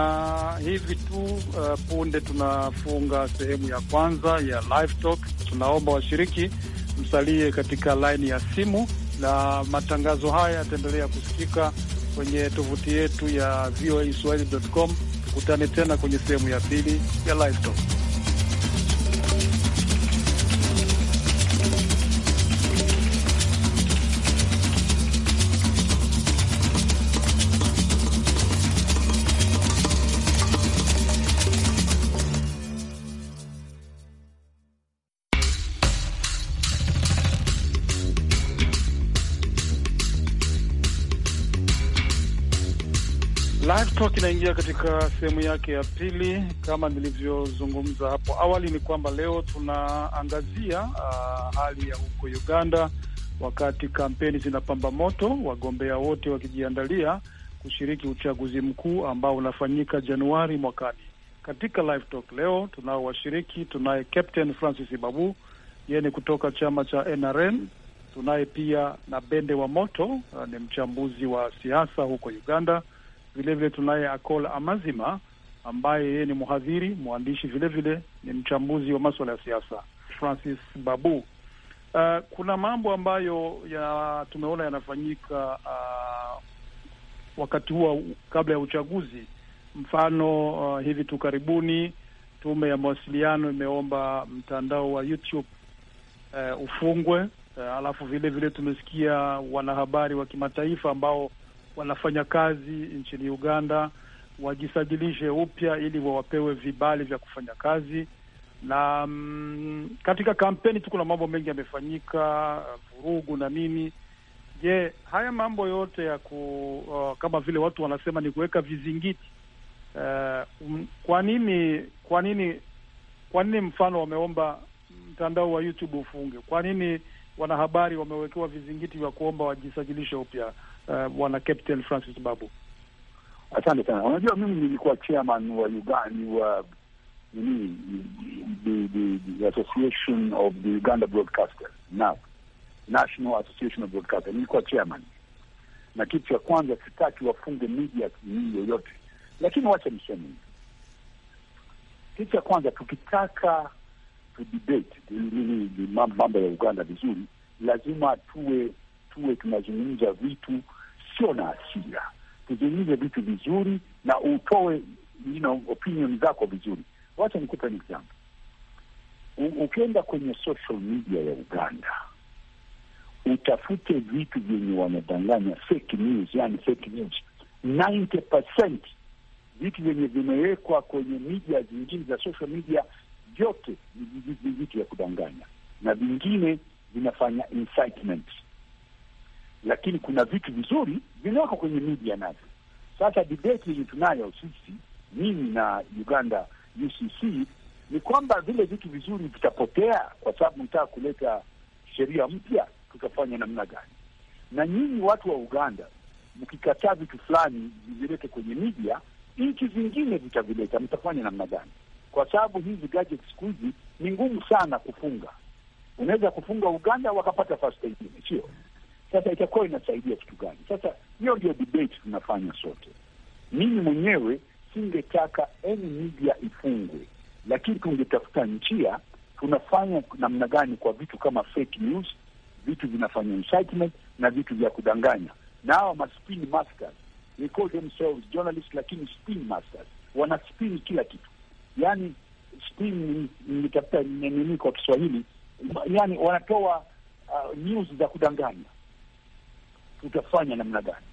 hivi tu uh, punde tunafunga sehemu ya kwanza ya live talk. Tunaomba washiriki msalie katika laini ya simu, na matangazo haya yataendelea kusikika kwenye tovuti yetu ya voaswahili.com. Tukutane tena kwenye sehemu ya pili ya live talk. Live Talk inaingia katika sehemu yake ya pili. Kama nilivyozungumza hapo awali, ni kwamba leo tunaangazia uh, hali ya huko Uganda, wakati kampeni zinapamba moto, wagombea wote wakijiandalia kushiriki uchaguzi mkuu ambao unafanyika Januari mwakani. Katika Live Talk leo tunao washiriki, tunaye Captain Francis Babu, yeye ni kutoka chama cha NRM. Tunaye pia na Bende wa Moto, uh, ni mchambuzi wa siasa huko Uganda Vilevile tunaye Akol Amazima ambaye yeye ni mhadhiri, mwandishi, vilevile ni mchambuzi wa maswala ya siasa. Francis Babu, uh, kuna mambo ambayo ya tumeona yanafanyika uh, wakati huo kabla ya uchaguzi. Mfano uh, hivi tu karibuni tume ya mawasiliano imeomba mtandao wa YouTube uh, ufungwe. Uh, alafu vile vile tumesikia wanahabari wa kimataifa ambao wanafanya kazi nchini Uganda wajisajilishe upya ili wawapewe vibali vya kufanya kazi na mm, katika kampeni tu kuna mambo mengi yamefanyika, vurugu na nini. Je, haya mambo yote ya ku uh, kama vile watu wanasema ni kuweka vizingiti uh, um, kwa nini kwa nini kwa nini mfano wameomba mtandao wa YouTube ufunge? Kwa nini wanahabari wamewekewa vizingiti vya kuomba wajisajilishe upya? Uh, bwana uh, Captain Francis Babu. Asante sana. Unajua, mimi nilikuwa chairman wa Uganda wa nini, the, the, the association of the Uganda Broadcasters na National Association of Broadcasters, nilikuwa chairman, na kitu cha kwanza sitaki wafunge media hii yoyote, lakini wacha niseme kitu cha kwanza tukitaka tudebate mambo ya Uganda vizuri, lazima tuwe tuwe tunazungumza vitu usio na hasira, tuzungumze vitu vizuri na utoe you know, opinion zako vizuri. Wacha nikupe example. Ukienda kwenye social media ya Uganda utafute vitu vyenye wanadanganya fake news, yani fake news 90% vitu vyenye vimewekwa kwenye media zingine za social media vyote ni vitu vya kudanganya, na vingine vinafanya incitement lakini kuna vitu vizuri vinawekwa kwenye media navyo. Sasa debate yenye tunayo sisi, mimi na Uganda UCC, ni kwamba vile vitu vizuri vitapotea, kwa sababu mtaka kuleta sheria mpya, tutafanya namna gani? Na nyinyi watu wa Uganda mkikataa vitu fulani vivilete kwenye media, nchi zingine vitavileta, mtafanya namna gani? Kwa sababu hizi gadget siku hizi ni ngumu sana kufunga. Unaweza kufunga Uganda wakapata fasta ingine, sio sasa itakuwa inasaidia kitu gani? Sasa hiyo ndio debate tunafanya sote. Mimi mwenyewe singetaka any media ifungwe, lakini tungetafuta njia tunafanya namna gani kwa vitu kama fake news, vitu vinafanya incitement na vitu vya kudanganya, na hawa maspin masters they call themselves journalists, lakini spin masters wana spin kila kitu, yani spin, nitafuta nini kwa Kiswahili, yani wanatoa uh, news za kudanganya tutafanya namna gani?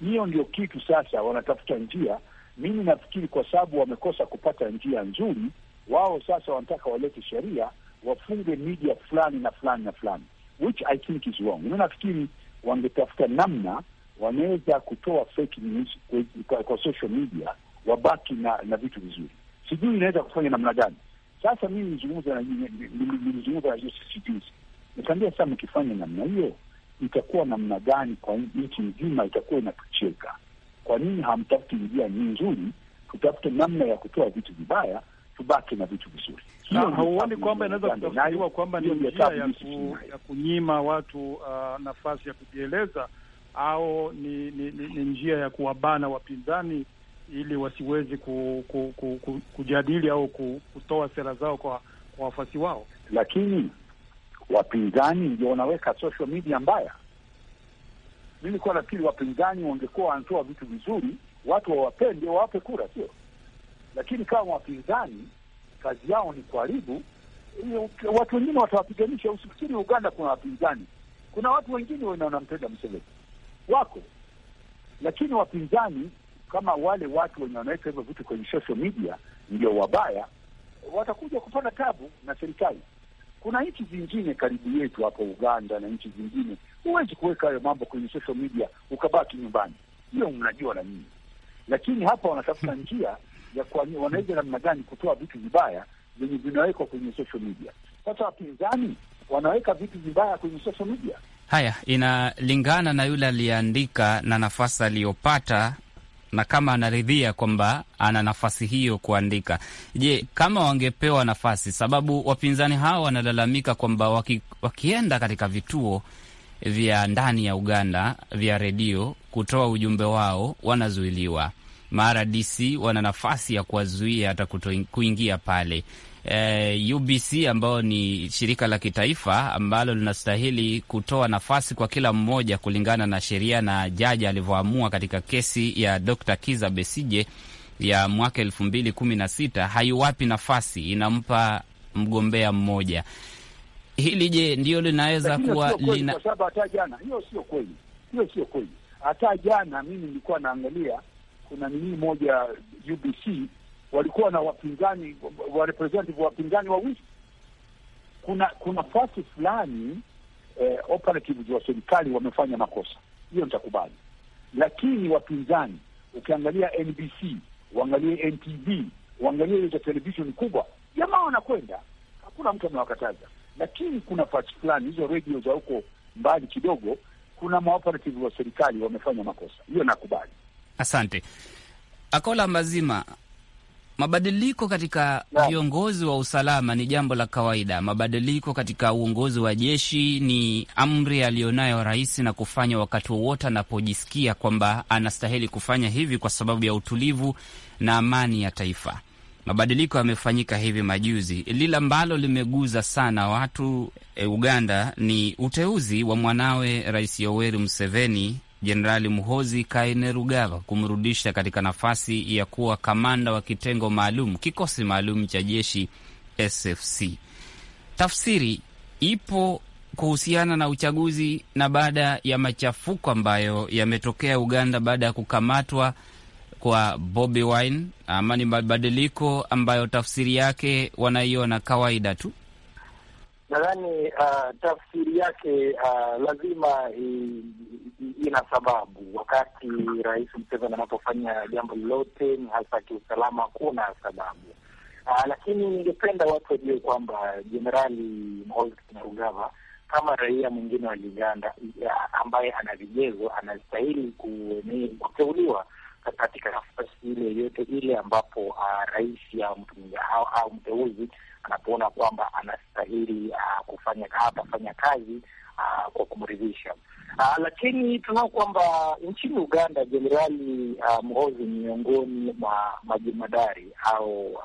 Hiyo ndio kitu sasa wanatafuta njia. Mimi nafikiri kwa sababu wamekosa kupata njia nzuri, wao sasa wanataka walete sheria wafunge media fulani na fulani na fulani, which I think is wrong. Mi nafikiri wangetafuta namna wanaweza kutoa fake news kwa, kwa social media wabaki na na vitu vizuri. Sijui inaweza kufanya namna gani. Sasa mimi nilizungumza na juzi, nikaambia sasa, mkifanya namna hiyo itakuwa namna gani kwa nchi nzima itakuwa inatucheka. Kwa nini hamtafuti njia ni nzuri? Tutafute namna ya kutoa vitu vibaya, tubaki na vitu vizuri. Hauoni kwamba inaweza kutafutiwa kwamba ni njia ya, ku, ya kunyima watu uh, nafasi ya kujieleza au ni, ni, ni, ni njia ya kuwabana wapinzani ili wasiwezi ku, ku, ku, ku, kujadili au ku, kutoa sera zao kwa wafuasi wao, lakini wapinzani ndio wanaweka social media mbaya mimi kuwa nafikiri wapinzani wangekuwa wanatoa vitu vizuri, watu wawapende, wawape kura, sio lakini kama wapinzani kazi yao ni kuharibu, watu wengine watawapiganisha. Usifikiri Uganda kuna wapinzani, kuna watu wengine wanampenda Mseveni wako, lakini wapinzani kama wale watu wenye wanaweka hivyo vitu kwenye social media ndio wabaya, watakuja kupata tabu na serikali. Kuna nchi zingine karibu yetu hapo Uganda na nchi zingine, huwezi kuweka hayo mambo kwenye social media ukabaki nyumbani, hiyo mnajua na nini. lakini hapa wanatafuta hmm. njia ya wanaweza namna gani kutoa vitu vibaya vyenye vinawekwa kwenye social media. Sasa wapinzani wanaweka vitu vibaya kwenye social media. Haya, inalingana na yule aliyeandika na nafasi aliyopata na kama anaridhia kwamba ana nafasi hiyo kuandika. Je, kama wangepewa nafasi, sababu wapinzani hao wanalalamika kwamba waki, wakienda katika vituo vya ndani ya Uganda vya redio kutoa ujumbe wao wanazuiliwa. Mara DC wana nafasi ya kuwazuia hata kuingia pale eh, UBC ambayo ni shirika la kitaifa ambalo linastahili kutoa nafasi kwa kila mmoja kulingana na sheria na jaji alivyoamua katika kesi ya Dr. Kiza Besije ya mwaka elfu mbili kumi na sita haiwapi nafasi, inampa mgombea mmoja. Hili je, ndio linaweza kuwa lina... kwa sababu hata jana hiyo sio kweli, hiyo sio kweli. Hata jana mimi nilikuwa naangalia kuna nini moja UBC walikuwa na wapinzani wa representative wapinzani wawili. Kuna kuna fasi fulani eh, operatives wa serikali wamefanya makosa, hiyo nitakubali, lakini wapinzani, ukiangalia NBC, uangalie NTV, uangalie hizo television kubwa, jamaa wanakwenda, hakuna mtu amewakataza, lakini kuna fasi fulani, hizo redio za huko mbali kidogo, kuna maoperative wa serikali wamefanya makosa, hiyo nakubali. Asante Akola Mazima. Mabadiliko katika viongozi wa usalama ni jambo la kawaida. Mabadiliko katika uongozi wa jeshi ni amri aliyonayo rais na kufanya wakati wowote anapojisikia kwamba anastahili kufanya hivi kwa sababu ya utulivu na amani ya taifa. Mabadiliko yamefanyika hivi majuzi. Lile ambalo limeguza sana watu e, Uganda ni uteuzi wa mwanawe Rais Yoweri Museveni Jenerali Muhozi Kainerugaba kumrudisha katika nafasi ya kuwa kamanda wa kitengo maalum kikosi maalum cha jeshi SFC. Tafsiri ipo kuhusiana na uchaguzi na baada ya machafuko ambayo yametokea Uganda baada ya kukamatwa kwa Bobi Wine, ama ni mabadiliko ambayo tafsiri yake wanaiona kawaida tu. Nadhani uh, tafsiri yake uh, lazima ina sababu. Wakati Rais Museveni anapofanya jambo lolote, ni hasa kiusalama, kuna sababu. Uh, lakini ningependa watu wajue kwamba Jenerali Moses kama raia mwingine wa Uganda ambaye ana vigezo anastahili kuteuliwa katika nafasi ile yoyote ile ambapo uh, rais au, au mteuzi anapoona kwamba anastahili uh, kufanya kazi uh, kwa kumridhisha. Uh, lakini tunao kwamba nchini Uganda Jenerali uh, ah, Mhozi ni miongoni mwa majemadari au uh,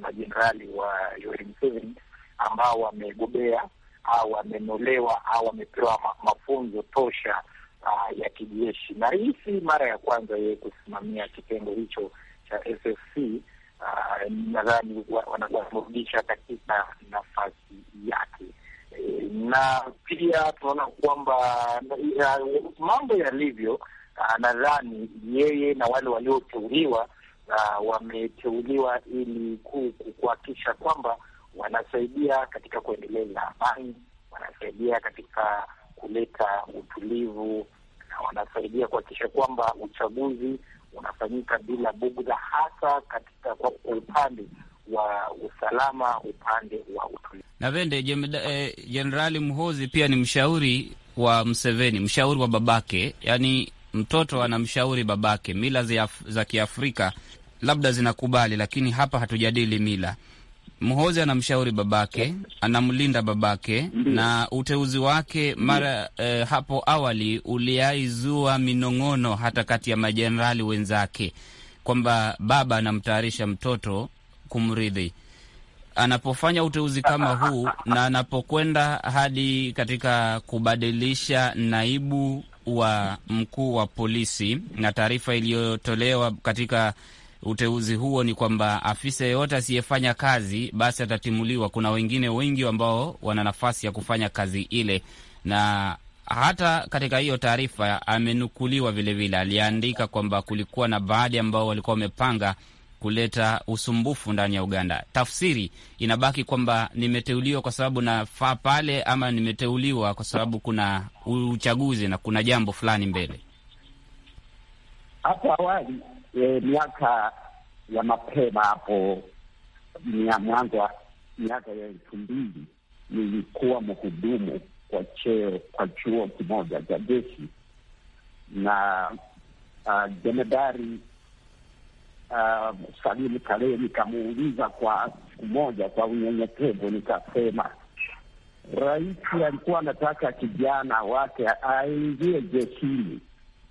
majenerali wa Yoweri Museveni ambao wamegobea au wamenolewa au wamepewa mafunzo tosha uh, ya kijeshi, na hii si mara ya kwanza yeye kusimamia kitengo hicho cha sfc Uh, nadhani wanamrudisha katika nafasi yake na pia tunaona kwamba eh, mambo yalivyo, ah, nadhani yeye na wale walioteuliwa ah, wameteuliwa ili kuhakikisha kwamba wanasaidia katika kuendeleza amani, wanasaidia katika kuleta utulivu na wanasaidia kuhakikisha kwamba uchaguzi unafanyika bila bugudha, hasa katika kwa upande wa usalama, upande wa utulivu na vende Jenerali eh, Mhozi pia ni mshauri wa Mseveni, mshauri wa babake, yaani mtoto anamshauri babake. Mila za, Kiafrika labda zinakubali, lakini hapa hatujadili mila. Mhozi anamshauri babake, anamlinda babake mm. na uteuzi wake mara eh, hapo awali uliaizua minong'ono hata kati ya majenerali wenzake kwamba baba anamtayarisha mtoto kumrithi anapofanya uteuzi kama huu na anapokwenda hadi katika kubadilisha naibu wa mkuu wa polisi, na taarifa iliyotolewa katika uteuzi huo ni kwamba afisa yeyote asiyefanya kazi basi atatimuliwa. Kuna wengine wengi ambao wana nafasi ya kufanya kazi ile, na hata katika hiyo taarifa amenukuliwa vilevile, aliandika kwamba kulikuwa na baadhi ambao walikuwa wamepanga kuleta usumbufu ndani ya Uganda. Tafsiri inabaki kwamba nimeteuliwa kwa sababu nafaa pale, ama nimeteuliwa kwa sababu kuna uchaguzi na kuna jambo fulani mbele. Hapo awali e, miaka ya mapema hapo mia mwanzo miaka ya elfu mbili nilikuwa mhudumu kwa cheo kwa chuo kimoja cha jeshi na jemedari uh, uh, Salim Kalehe, nikamuuliza kwa siku moja kwa unyenyekevu, nikasema rais alikuwa anataka kijana wake aingie jeshini,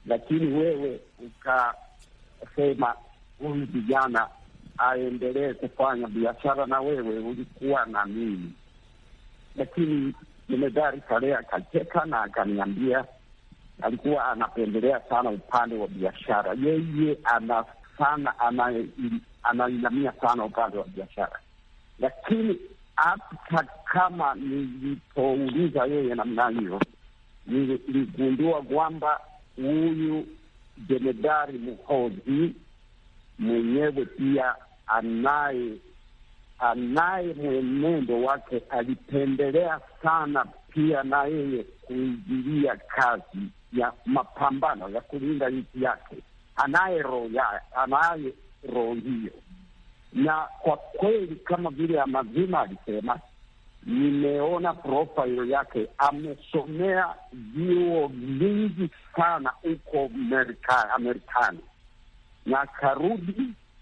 lakini wewe ukasema huyu kijana aendelee kufanya biashara, na wewe ulikuwa na mimi. Lakini jemedari Kalehe akacheka na akaniambia alikuwa anapendelea sana upande wa biashara, yeye ana sana anainamia sana upande wa biashara, lakini hata kama nilipouliza yeye namna hiyo, niligundua kwamba huyu jemedari Muhozi mwenyewe pia anaye anaye mwenendo wake, alipendelea sana pia na yeye kuingilia kazi ya mapambano ya kulinda nchi yake anaye roho anaye roho hiyo. Na kwa kweli kama vile Amazima alisema, nimeona profile yake, amesomea vyuo vingi sana huko Amerikani na karudi,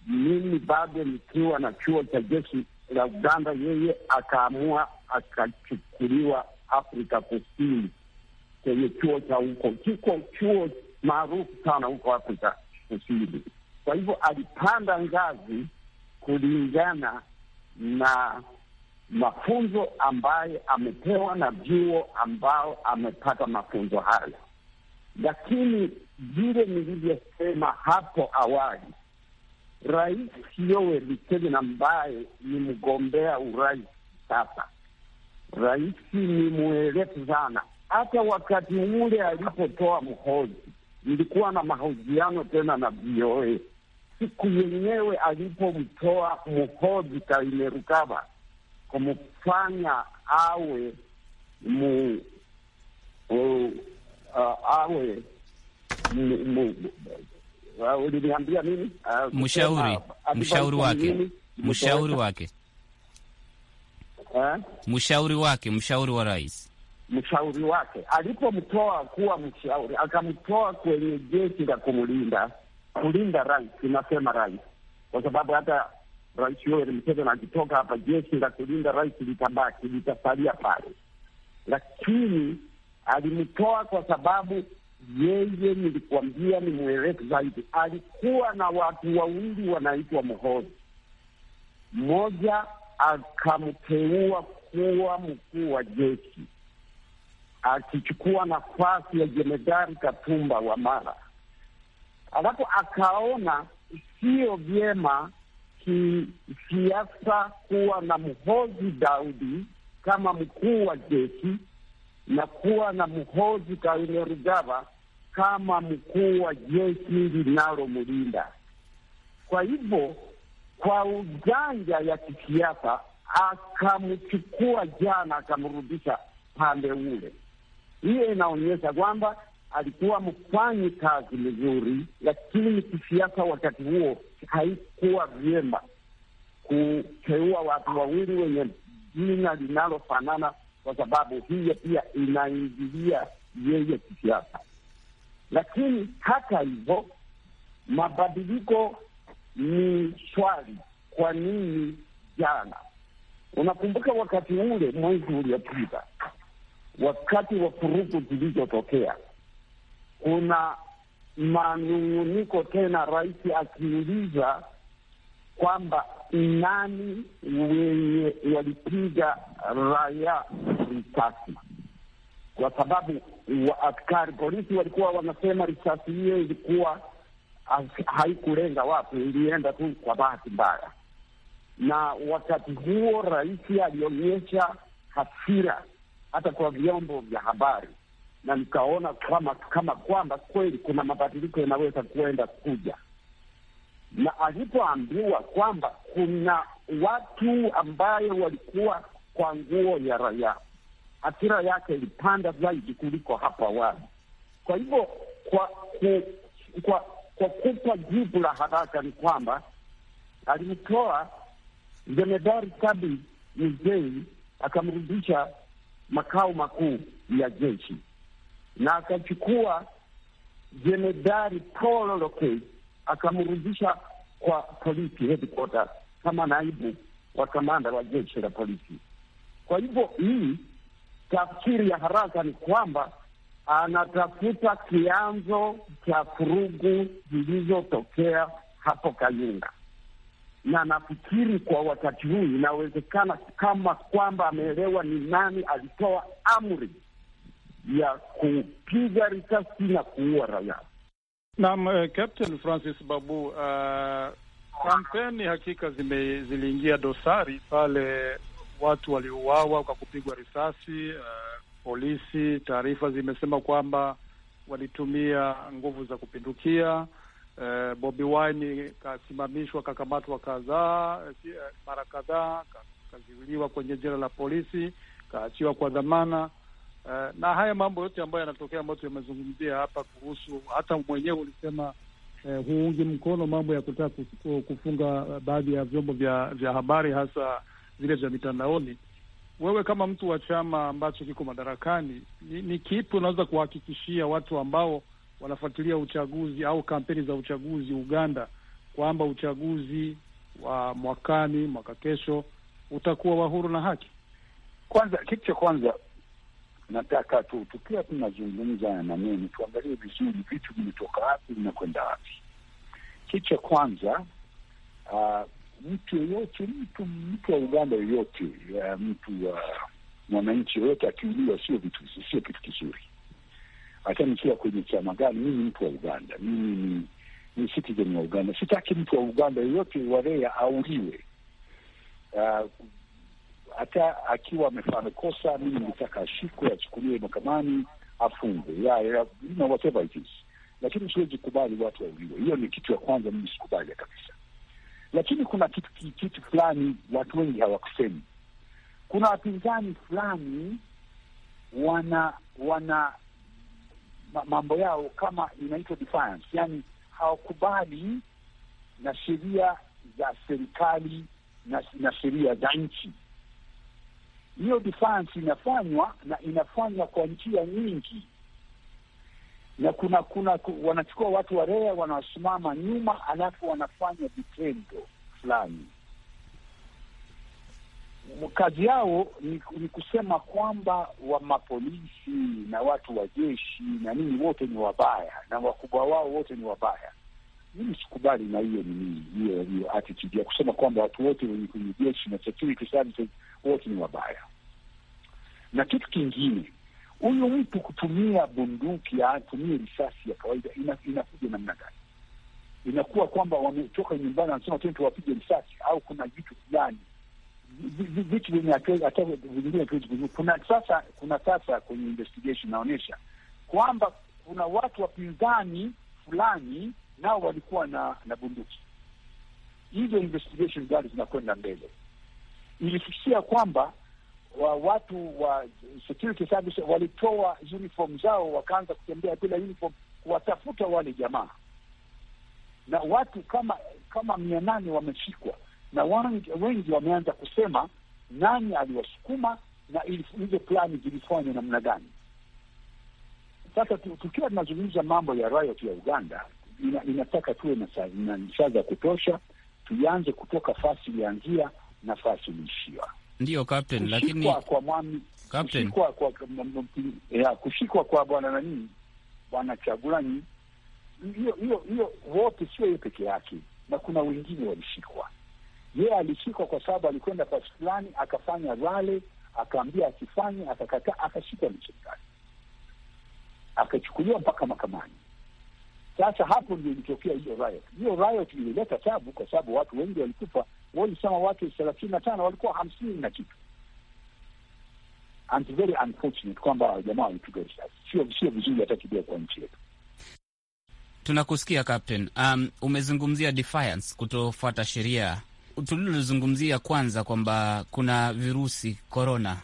mimi bado nikiwa na chuo cha jeshi la Uganda, yeye akaamua akachukuliwa Afrika Kusini kwenye chuo cha huko, kiko chuo maarufu sana huko Afrika Kusini. Kwa hivyo alipanda ngazi kulingana na mafunzo ambaye amepewa na vyuo ambao amepata mafunzo hayo, lakini vile nilivyosema hapo awali, Rais Yoweri Museveni ambaye ni mgombea urais sasa, rais ni mwelefu sana. Hata wakati ule alipotoa mhozi nilikuwa na mahojiano tena na VOA siku yenyewe alipomtoa mhoji Kainerugaba kumfanya awe mu, uh, uh, awe uliniambia nini, mshauri mshauri wake mshauri eh? wake mshauri wake mshauri wa rais mshauri wake alipomtoa kuwa mshauri, akamtoa kwenye jeshi la kumlinda kulinda rais. Inasema rais, kwa sababu hata rais Yoweri Museveni akitoka hapa, jeshi la kulinda rais litabaki, litasalia pale, lakini alimtoa kwa sababu yeye, nilikuambia ni mweleke zaidi, alikuwa na watu wawili wanaitwa mhozi Mmoja akamteua kuwa mkuu wa jeshi akichukua nafasi ya jemedari Katumba wa Mara, alafu akaona sio vyema kisiasa kuwa na Mhozi Daudi kama mkuu wa jeshi na kuwa na Mhozi Kainerugaba kama mkuu wa jeshi linalomlinda. Kwa hivyo, kwa ujanja ya kisiasa akamchukua jana, akamrudisha pande ule. Hiyo inaonyesha kwamba alikuwa mfanyi kazi mzuri, lakini kisiasa wakati huo haikuwa vyema kuteua watu wawili wenye jina linalofanana, kwa sababu hiyo pia inaingilia yeye kisiasa. Lakini hata hivyo, mabadiliko ni swali. Kwa nini jana? Unakumbuka wakati ule mwezi uliopita wakati wa furugu zilizotokea, kuna manung'uniko tena, rais akiuliza kwamba nani wenye walipiga raia risasi, kwa sababu askari polisi walikuwa wanasema risasi hiyo ilikuwa haikulenga watu, ilienda tu kwa bahati mbaya. Na wakati huo rais alionyesha hasira hata kwa vyombo vya habari, na nikaona kama kama kwamba kweli kuna mabadiliko yanaweza kuenda kuja, na alipoambiwa kwamba kuna watu ambayo walikuwa kwa nguo ya raia, hasira yake ilipanda zaidi kuliko hapo awali. Kwa hivyo kwa ku, kwa kwa kupa jibu la haraka ni kwamba alimtoa jemedari Kabi mzei akamrudisha makao makuu ya jeshi na akachukua jemedari Paul Lokech akamrudisha kwa polisi headquarter kama naibu wa kamanda wa jeshi la polisi. Kwa hivyo hii tafsiri ya haraka ni kwamba anatafuta kianzo cha furugu zilizotokea hapo Kayunga na nafikiri kwa wakati huu inawezekana kama kwamba ameelewa ni nani alitoa amri ya kupiga risasi na kuua raia. Naam, eh, Captain Francis Babu, uh, kampeni hakika zime, ziliingia dosari pale watu waliuawa kwa kupigwa risasi. Uh, polisi, taarifa zimesema kwamba walitumia nguvu za kupindukia Eh, Bobi Wine kasimamishwa, kakamatwa kadhaa eh, eh, mara kadhaa, kazuiliwa kwenye jela la polisi, kaachiwa kwa dhamana na haya mambo yote ambayo yanatokea ambayo tumezungumzia hapa kuhusu, hata mwenyewe ulisema huungi mkono mambo ya kutaka kufunga baadhi ya vyombo vya, vya habari hasa vile vya mitandaoni. Wewe kama mtu wa chama ambacho kiko madarakani, ni, ni kipi unaweza kuhakikishia watu ambao wanafuatilia uchaguzi au kampeni za uchaguzi Uganda, kwamba uchaguzi wa mwakani, mwaka kesho, utakuwa wa huru na haki? Kwanza, kitu cha kwanza nataka tu tukiwa tunazungumza na nini, tuangalie vizuri vitu vimetoka wapi vinakwenda wapi. Kitu cha kwanza uh, mtu yoyote mtu mtu wa Uganda yoyote ah, mtu wa uh, mwananchi yoyote akiuliwa, sio vitu sio kitu kizuri hata nikiwa kwenye chama gani, mimi mtu wa Uganda, mimi ni ni citizen wa Uganda. Sitaki mtu wa Uganda yoyote warea auliwe, ah, hata uh, akiwa amefanya kosa, mimi nitaka ashikwe, achukuliwe mahakamani, afungwe ya, ya, whatever it is, lakini siwezi kubali watu wauliwe. Hiyo ni kitu ya kwanza, mimi sikubali kabisa. Lakini kuna kitu kitu fulani watu wengi hawakusemi. Kuna wapinzani fulani wana wana mambo yao kama inaitwa defiance, yani hawakubali na sheria za serikali na, na sheria za nchi. Hiyo defiance inafanywa na inafanywa kwa njia nyingi, na kuna kuna wanachukua watu warea wanawasimama nyuma, alafu wanafanya vitendo fulani kazi yao ni, ni kusema kwamba wa mapolisi na watu wa jeshi na nini wote ni wabaya na wakubwa wao wote ni wabaya. Mimi sikubali na hiyo nini, hiyo hiyo attitude ya kusema kwamba watu wote wenye kwenye jeshi na security services wote ni wabaya. Na kitu kingine, huyu mtu kutumia bunduki atumie risasi ya kawaida inakuja namna gani? Inakuwa kwamba wametoka nyumbani wanasema tuwapige risasi, au kuna vitu fulani vitu vyenye hata vingine hatuwezi kujua. Kuna sasa kuna sasa kwenye investigation naonyesha kwamba kuna watu wapinzani fulani nao walikuwa na na bunduki. Hizo investigation gari zinakwenda mbele. Ilifikia kwamba wa watu wa security service walitoa uniform zao wakaanza kutembea bila uniform kuwatafuta wale jamaa, na watu kama kama mia nane wameshikwa na wengi, wengi wameanza kusema nani aliwasukuma na hizo plani zilifanywa namna gani. Sasa tukiwa tunazungumza mambo ya riot ya Uganda ina, inataka tuwe na saa za kutosha, tuanze kutoka fasi ilianzia na fasi iliishiwa. ndio Captain, lakini kwa mwami kushikwa kwa bwana nani, bwana Chagulanyi, hiyo hiyo hiyo wote, sio hiyo peke yake, na kuna wengine walishikwa yeye alishikwa kwa sababu alikwenda kwa fulani akafanya vale, akaambia akifanye, akakataa, akashikwa na serikali, akachukuliwa mpaka mahakamani. Sasa hapo ndio ilitokea hiyo riot. Hiyo riot ilileta tabu kwa sababu watu wengi walikufa. Walisema watu thelathini na tano walikuwa hamsini na kitu. And very unfortunate kwamba jamaa walipigwa risasi. Sio sio vizuri hata kidogo kwa nchi yetu. Tunakusikia Captain. Um, umezungumzia defiance, kutofuata sheria tulilozungumzia kwanza kwamba kuna virusi korona,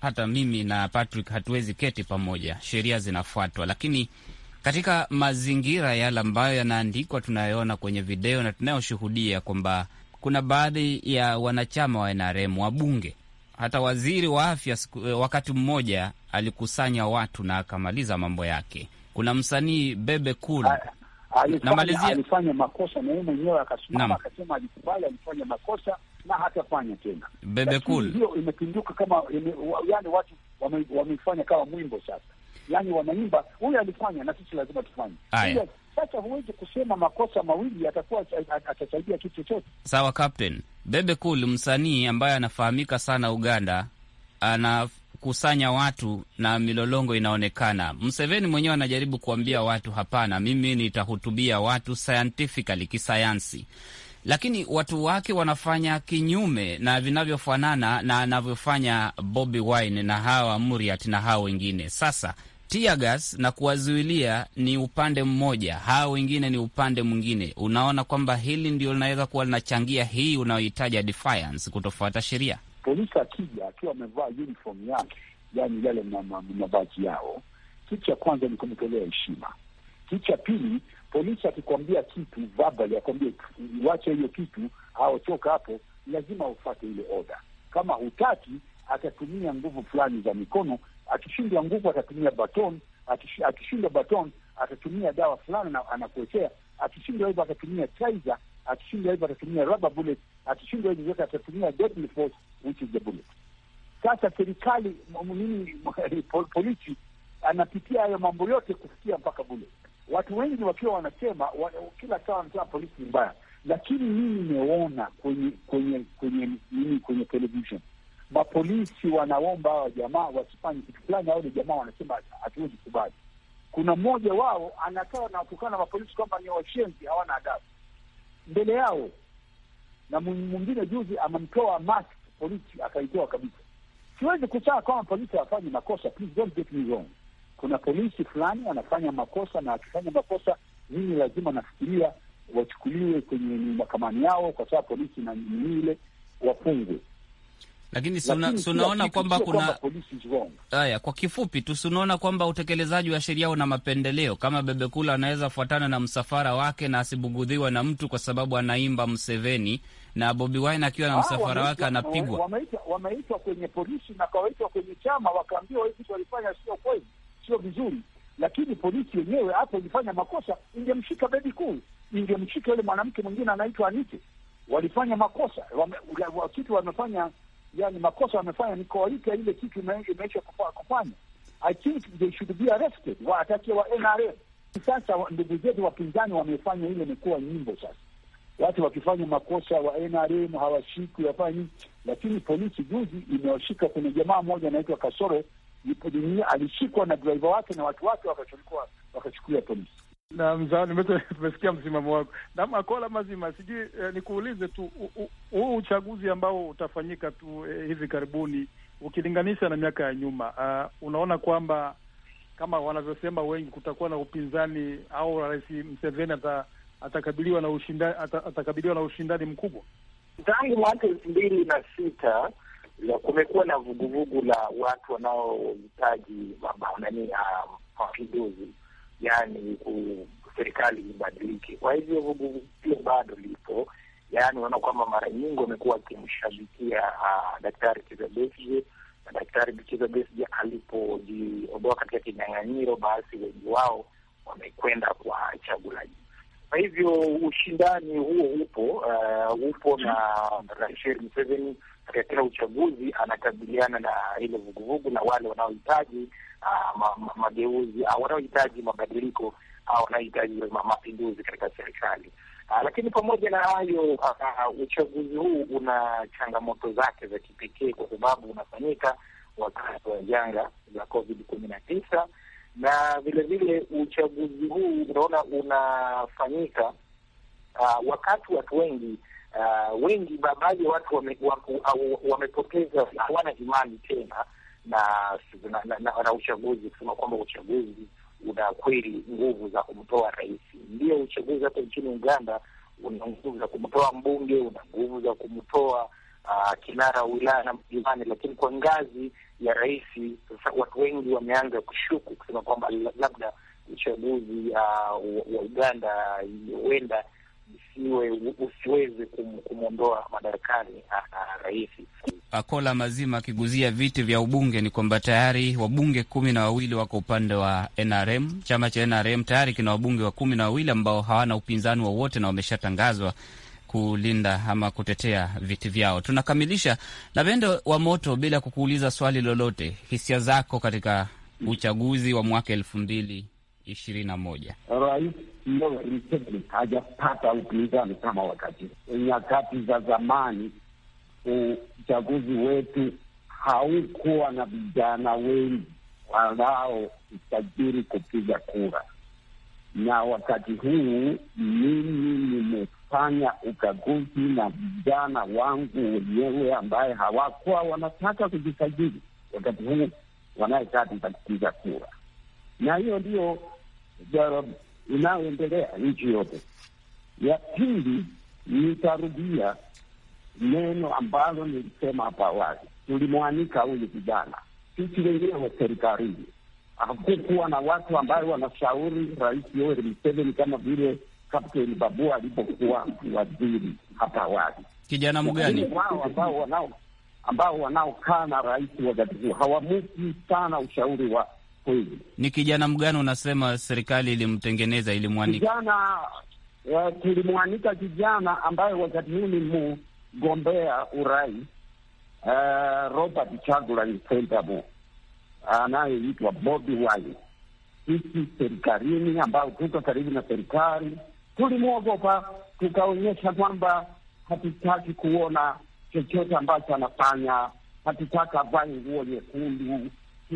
hata mimi na Patrick hatuwezi keti pamoja, sheria zinafuatwa, lakini katika mazingira yale ambayo yanaandikwa, tunayoona kwenye video na tunayoshuhudia kwamba kuna baadhi ya wanachama wa NRM, wabunge, hata waziri wa afya eh, wakati mmoja alikusanya watu na akamaliza mambo yake. Kuna msanii Bebe Cool Alifanya, alifanya makosa na yeye mwenyewe akasimama akasema alikubali, alifanya makosa na hatafanya tena. Bebe Cool Hiyo imepinduka kama ime, yani watu wamefanya kama mwimbo sasa, yani wanaimba huyu alifanya na sisi lazima tufanye. Sasa huwezi kusema makosa mawili atakuwa atasaidia kitu chochote. Sawa, Captain Bebe Cool, msanii ambaye anafahamika sana Uganda, ana kusanya watu na milolongo inaonekana. Mseveni mwenyewe anajaribu kuambia watu hapana, mimi nitahutubia watu scientifically, kisayansi lakini watu wake wanafanya kinyume na vinavyofanana na anavyofanya Bobi Wine na hawa Muriat na hawa wengine. Sasa tiagas na kuwazuilia ni upande mmoja, hawa wengine ni upande mwingine. Unaona kwamba hili ndio linaweza kuwa linachangia hii unayohitaja defiance, kutofuata sheria polisi akija akiwa amevaa uniform yake, yani yale mavazi yao, kitu cha kwanza ni kumtolea heshima. Kitu cha pili, polisi akikwambia kitu verbally, akwambie uache hiyo kitu au toka hapo, lazima ufate ile oda. Kama hutaki, atatumia nguvu fulani za mikono. Akishindwa nguvu, atatumia baton. Akishindwa baton, atatumia dawa fulani anakuwekea. Akishindwa hivyo, atatumia taiza akishindwa hivyo atatumia rubber bullet, akishindwa hivi vyote atatumia deadly force which is the bullet. Sasa serikali nini, polisi anapitia hayo mambo yote kufikia mpaka bullet. Watu wengi wakiwa wanasema wa, kila saa wanasema polisi ni mbaya, lakini mimi nimeona kwenye kwenye kwenye nini, kwenye television mapolisi wanaomba hawa jamaa wasifanye kitu fulani, au jamaa wanasema hatuwezi kubali. Kuna mmoja wao anakaa na mapolisi kwamba ni washenzi, hawana adabu mbele yao, na mwingine juzi amemtoa mask polisi, akaitoa kabisa. Siwezi kusaa kama polisi hawafanyi makosa, please don't get me wrong. Kuna polisi fulani anafanya makosa, na akifanya makosa mimi lazima nafikiria wachukuliwe kwenye mahakamani yao, kwa sababu polisi na ile wafungwe lakini suna, lakini sunaona kwamba kuna haya, kwa kifupi tu, sunaona kwamba utekelezaji wa sheria una mapendeleo, kama Bebe Bebekula anaweza fuatana na msafara wake na asibugudhiwa na mtu kwa sababu anaimba Mseveni na Bobi Wine akiwa na ah, msafara wake anapigwa. Wameitwa wameitwa kwenye polisi na kawaitwa kwenye chama, wakaambiwa hivi vitu walifanya sio kweli, sio vizuri lakini polisi yenyewe hapo ilifanya makosa, ingemshika bebi kuu, ingemshika yule mwanamke mwingine anaitwa Anite. Walifanya makosa, wame, wame, kitu wamefanya yani makosa wamefanya ni koika, ile kitu imeisha kufanya. I think they should be arrested, watakiwa NRM. Sasa ndugu zetu wapinzani wamefanya ile imekuwa nyimbo sasa, watu wakifanya makosa wa NRM hawashiki wafanyi, lakini polisi juzi imewashika. Kuna jamaa mmoja anaitwa Kasore alishikwa na driver wake na watu wake wakachukua polisi. Naam, tumesikia msimamo wako. na makola Mazima, sijui eh, nikuulize tu huu uchaguzi ambao utafanyika tu eh, hivi karibuni ukilinganisha na miaka ya nyuma, uh, unaona kwamba kama wanavyosema wengi kutakuwa na upinzani au Rais Mseveni ata, atakabiliwa na ushindani ata, atakabiliwa na ushindani mkubwa? Tangu mwaka elfu mbili na sita kumekuwa na vuguvugu la watu wanaohitaji ah, mapinduzi yani serikali ibadilike. Kwa hivyo vuguvugu hilo bado lipo, yani unaona kwamba mara nyingi wamekuwa wakimshabikia uh, Daktari Kizza Besigye na Daktari Kizza Besigye alipojiondoa katika kinyang'anyiro, basi wengi wao wamekwenda kwa chagulaji. Kwa hivyo ushindani huo upo, uh, upo na Yoweri Museveni katika kila uchaguzi anakabiliana na ile vuguvugu na wale wanaohitaji Ah, ma, ma, mageuzi au ah, wanaohitaji mabadiliko au ah, wanaohitaji mapinduzi katika serikali uh, lakini pamoja na hayo uh, uchaguzi huu una changamoto zake za kipekee kwa sababu unafanyika wakati wa janga la Covid kumi na tisa na vilevile uchaguzi huu unaona unafanyika uh, wakati watu wengi uh, wengi baadhi ya watu wamepoteza wame hawana imani tena na na, na, na, na uchaguzi kusema kwamba uchaguzi una kweli nguvu za kumtoa rais. Ndio uchaguzi hata nchini Uganda una nguvu za kumtoa mbunge, una nguvu za kumtoa uh, kinara wilaya na mjumani, lakini kwa ngazi ya rais sasa watu wengi wameanza kushuku kusema kwamba labda uchaguzi uh, wa Uganda huenda usiwe usiweze kumwondoa madarakani rais. Akola mazima akiguzia viti vya ubunge ni kwamba tayari wabunge kumi na wawili wako upande wa NRM. Chama cha NRM tayari kina wabunge wa kumi na wawili ambao hawana upinzani wowote na wameshatangazwa kulinda ama kutetea viti vyao. Tunakamilisha na Pendo wa Moto bila kukuuliza swali lolote, hisia zako katika uchaguzi wa mwaka elfu mbili ishirini na moja. Rais hajapata upinzani kama wakati nyakati za zamani. Uchaguzi wetu haukuwa na vijana wengi wanao usajili kupiga kura, na wakati huu mimi nimefanya ukaguzi na vijana wangu wenyewe ambaye hawakuwa wanataka kujisajili, wakati huu za kupiga kura, na hiyo ndio eh, inayoendelea nchi yote. Ya pili, nitarudia neno ambalo nilisema hapa awali, tulimwanika huyu kijana sisi wenyewe serikalini. Hakukuwa na watu ambayo wanashauri Rais Yoweri Museveni kama vile Kapteni Babu alipokuwa waziri hapa awali. Kijana mgani wao ambao wanaokaa na rais wakati huu hawamuki sana ushauri wa kweli. Ni kijana mgani unasema serikali ilimtengeneza ilimwanika? Kijana uh, tulimwanika kijana ambaye wakati huu ni mgombea urais uh, Robert Kyagulanyi Ssentamu anayeitwa Bobi Wine. Sisi serikalini ambao tuko karibu na serikali tulimwogopa, tukaonyesha kwamba hatutaki kuona chochote ambacho anafanya, hatutaki avae nguo nyekundu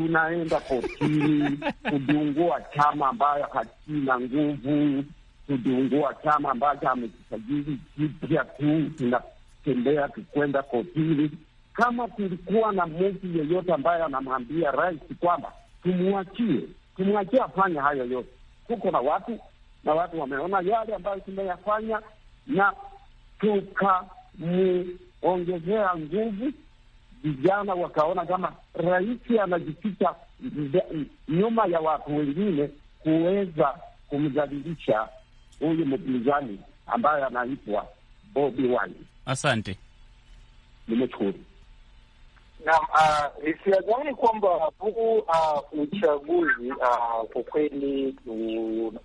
tunaenda kotini kudungua chama ambayo hakina nguvu, kudungua chama ambacho amekisajili kipya tu, tunatembea tukwenda kotini. Kama tulikuwa na mtu yeyote ambaye anamwambia rais kwamba tumwachie, tumwachie afanye hayo yote, kuko na watu na watu wameona yale ambayo tumeyafanya na tukamuongezea nguvu vijana wakaona kama rais anajificha nyuma ya watu wengine kuweza kumdhalilisha huyu mpinzani ambaye anaitwa Bobi Wine. Asante, nimeshukuru. Naam, ah, hisia uh, zangu kwamba huu uh, uchaguzi uh, kwa kweli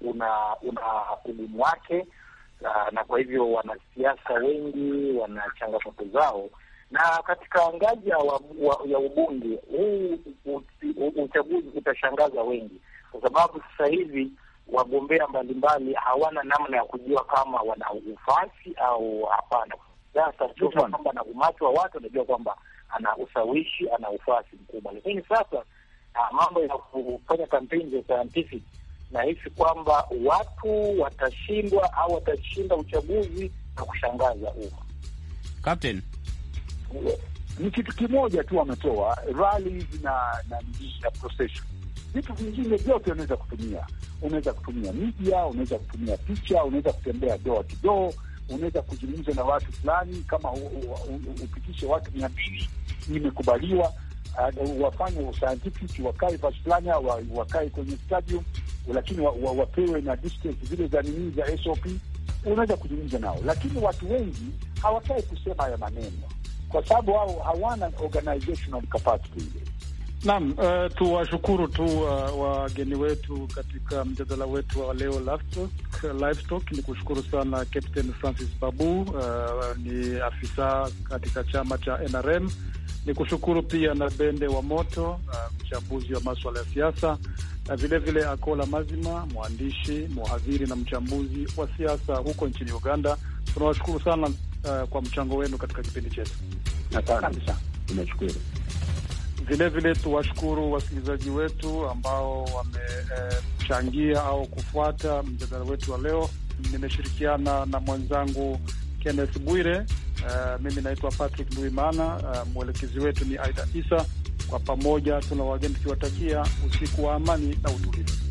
una una ugumu wake uh, na kwa hivyo wanasiasa wengi wana changamoto zao na katika ngazi ya, ya ubunge huu uchaguzi utashangaza wengi, kwa sababu sasa hivi wagombea mbalimbali hawana namna ya kujua kama wana ufasi au hapana. Sasa kwamba na umati wa watu anajua kwamba ana ushawishi, ana ufasi mkubwa, lakini sasa ah, mambo ya kufanya kampeni za scientific nahisi kwamba watu watashindwa au watashinda uchaguzi na kushangaza umma. Captain ni kitu kimoja tu wametoa rally na na, na procession. Vitu vingine vyote unaweza kutumia, unaweza kutumia media, unaweza kutumia picha, unaweza kutembea doa kidoo, unaweza kuzungumza na watu fulani, kama upitishe watu mia mbili imekubaliwa, uh, wafanye scientific, wakae basi fulani, wakae kwenye stadium, lakini wa, wa, wapewe na distance zile za nini za SOP, unaweza kuzungumza nao, lakini watu wengi hawatai kusema haya maneno kwa sababu wao hawana organizational capacity ile. Naam, uh, tuwashukuru tu uh, wageni wetu katika mjadala wetu wa leo livestock, livestock. Ni kushukuru sana Captain Francis Babu uh, ni afisa katika chama cha NRM. Ni kushukuru pia na Bende wa Moto mchambuzi wa maswala ya siasa na vilevile Akola Mazima mwandishi, mhadhiri na mchambuzi wa siasa huko nchini Uganda. Tunawashukuru sana uh, kwa mchango wenu katika kipindi chetu. Asante sana, tunashukuru. Vile vile tuwashukuru wasikilizaji wetu ambao wamechangia eh, au kufuata mjadala wetu wa leo. Nimeshirikiana na mwenzangu Kenneth Bwire. Uh, mimi naitwa Patrick Nduimana. Uh, mwelekezi wetu ni Aida Isa. Kwa pamoja tuna wageni tukiwatakia usiku wa amani na utulivu.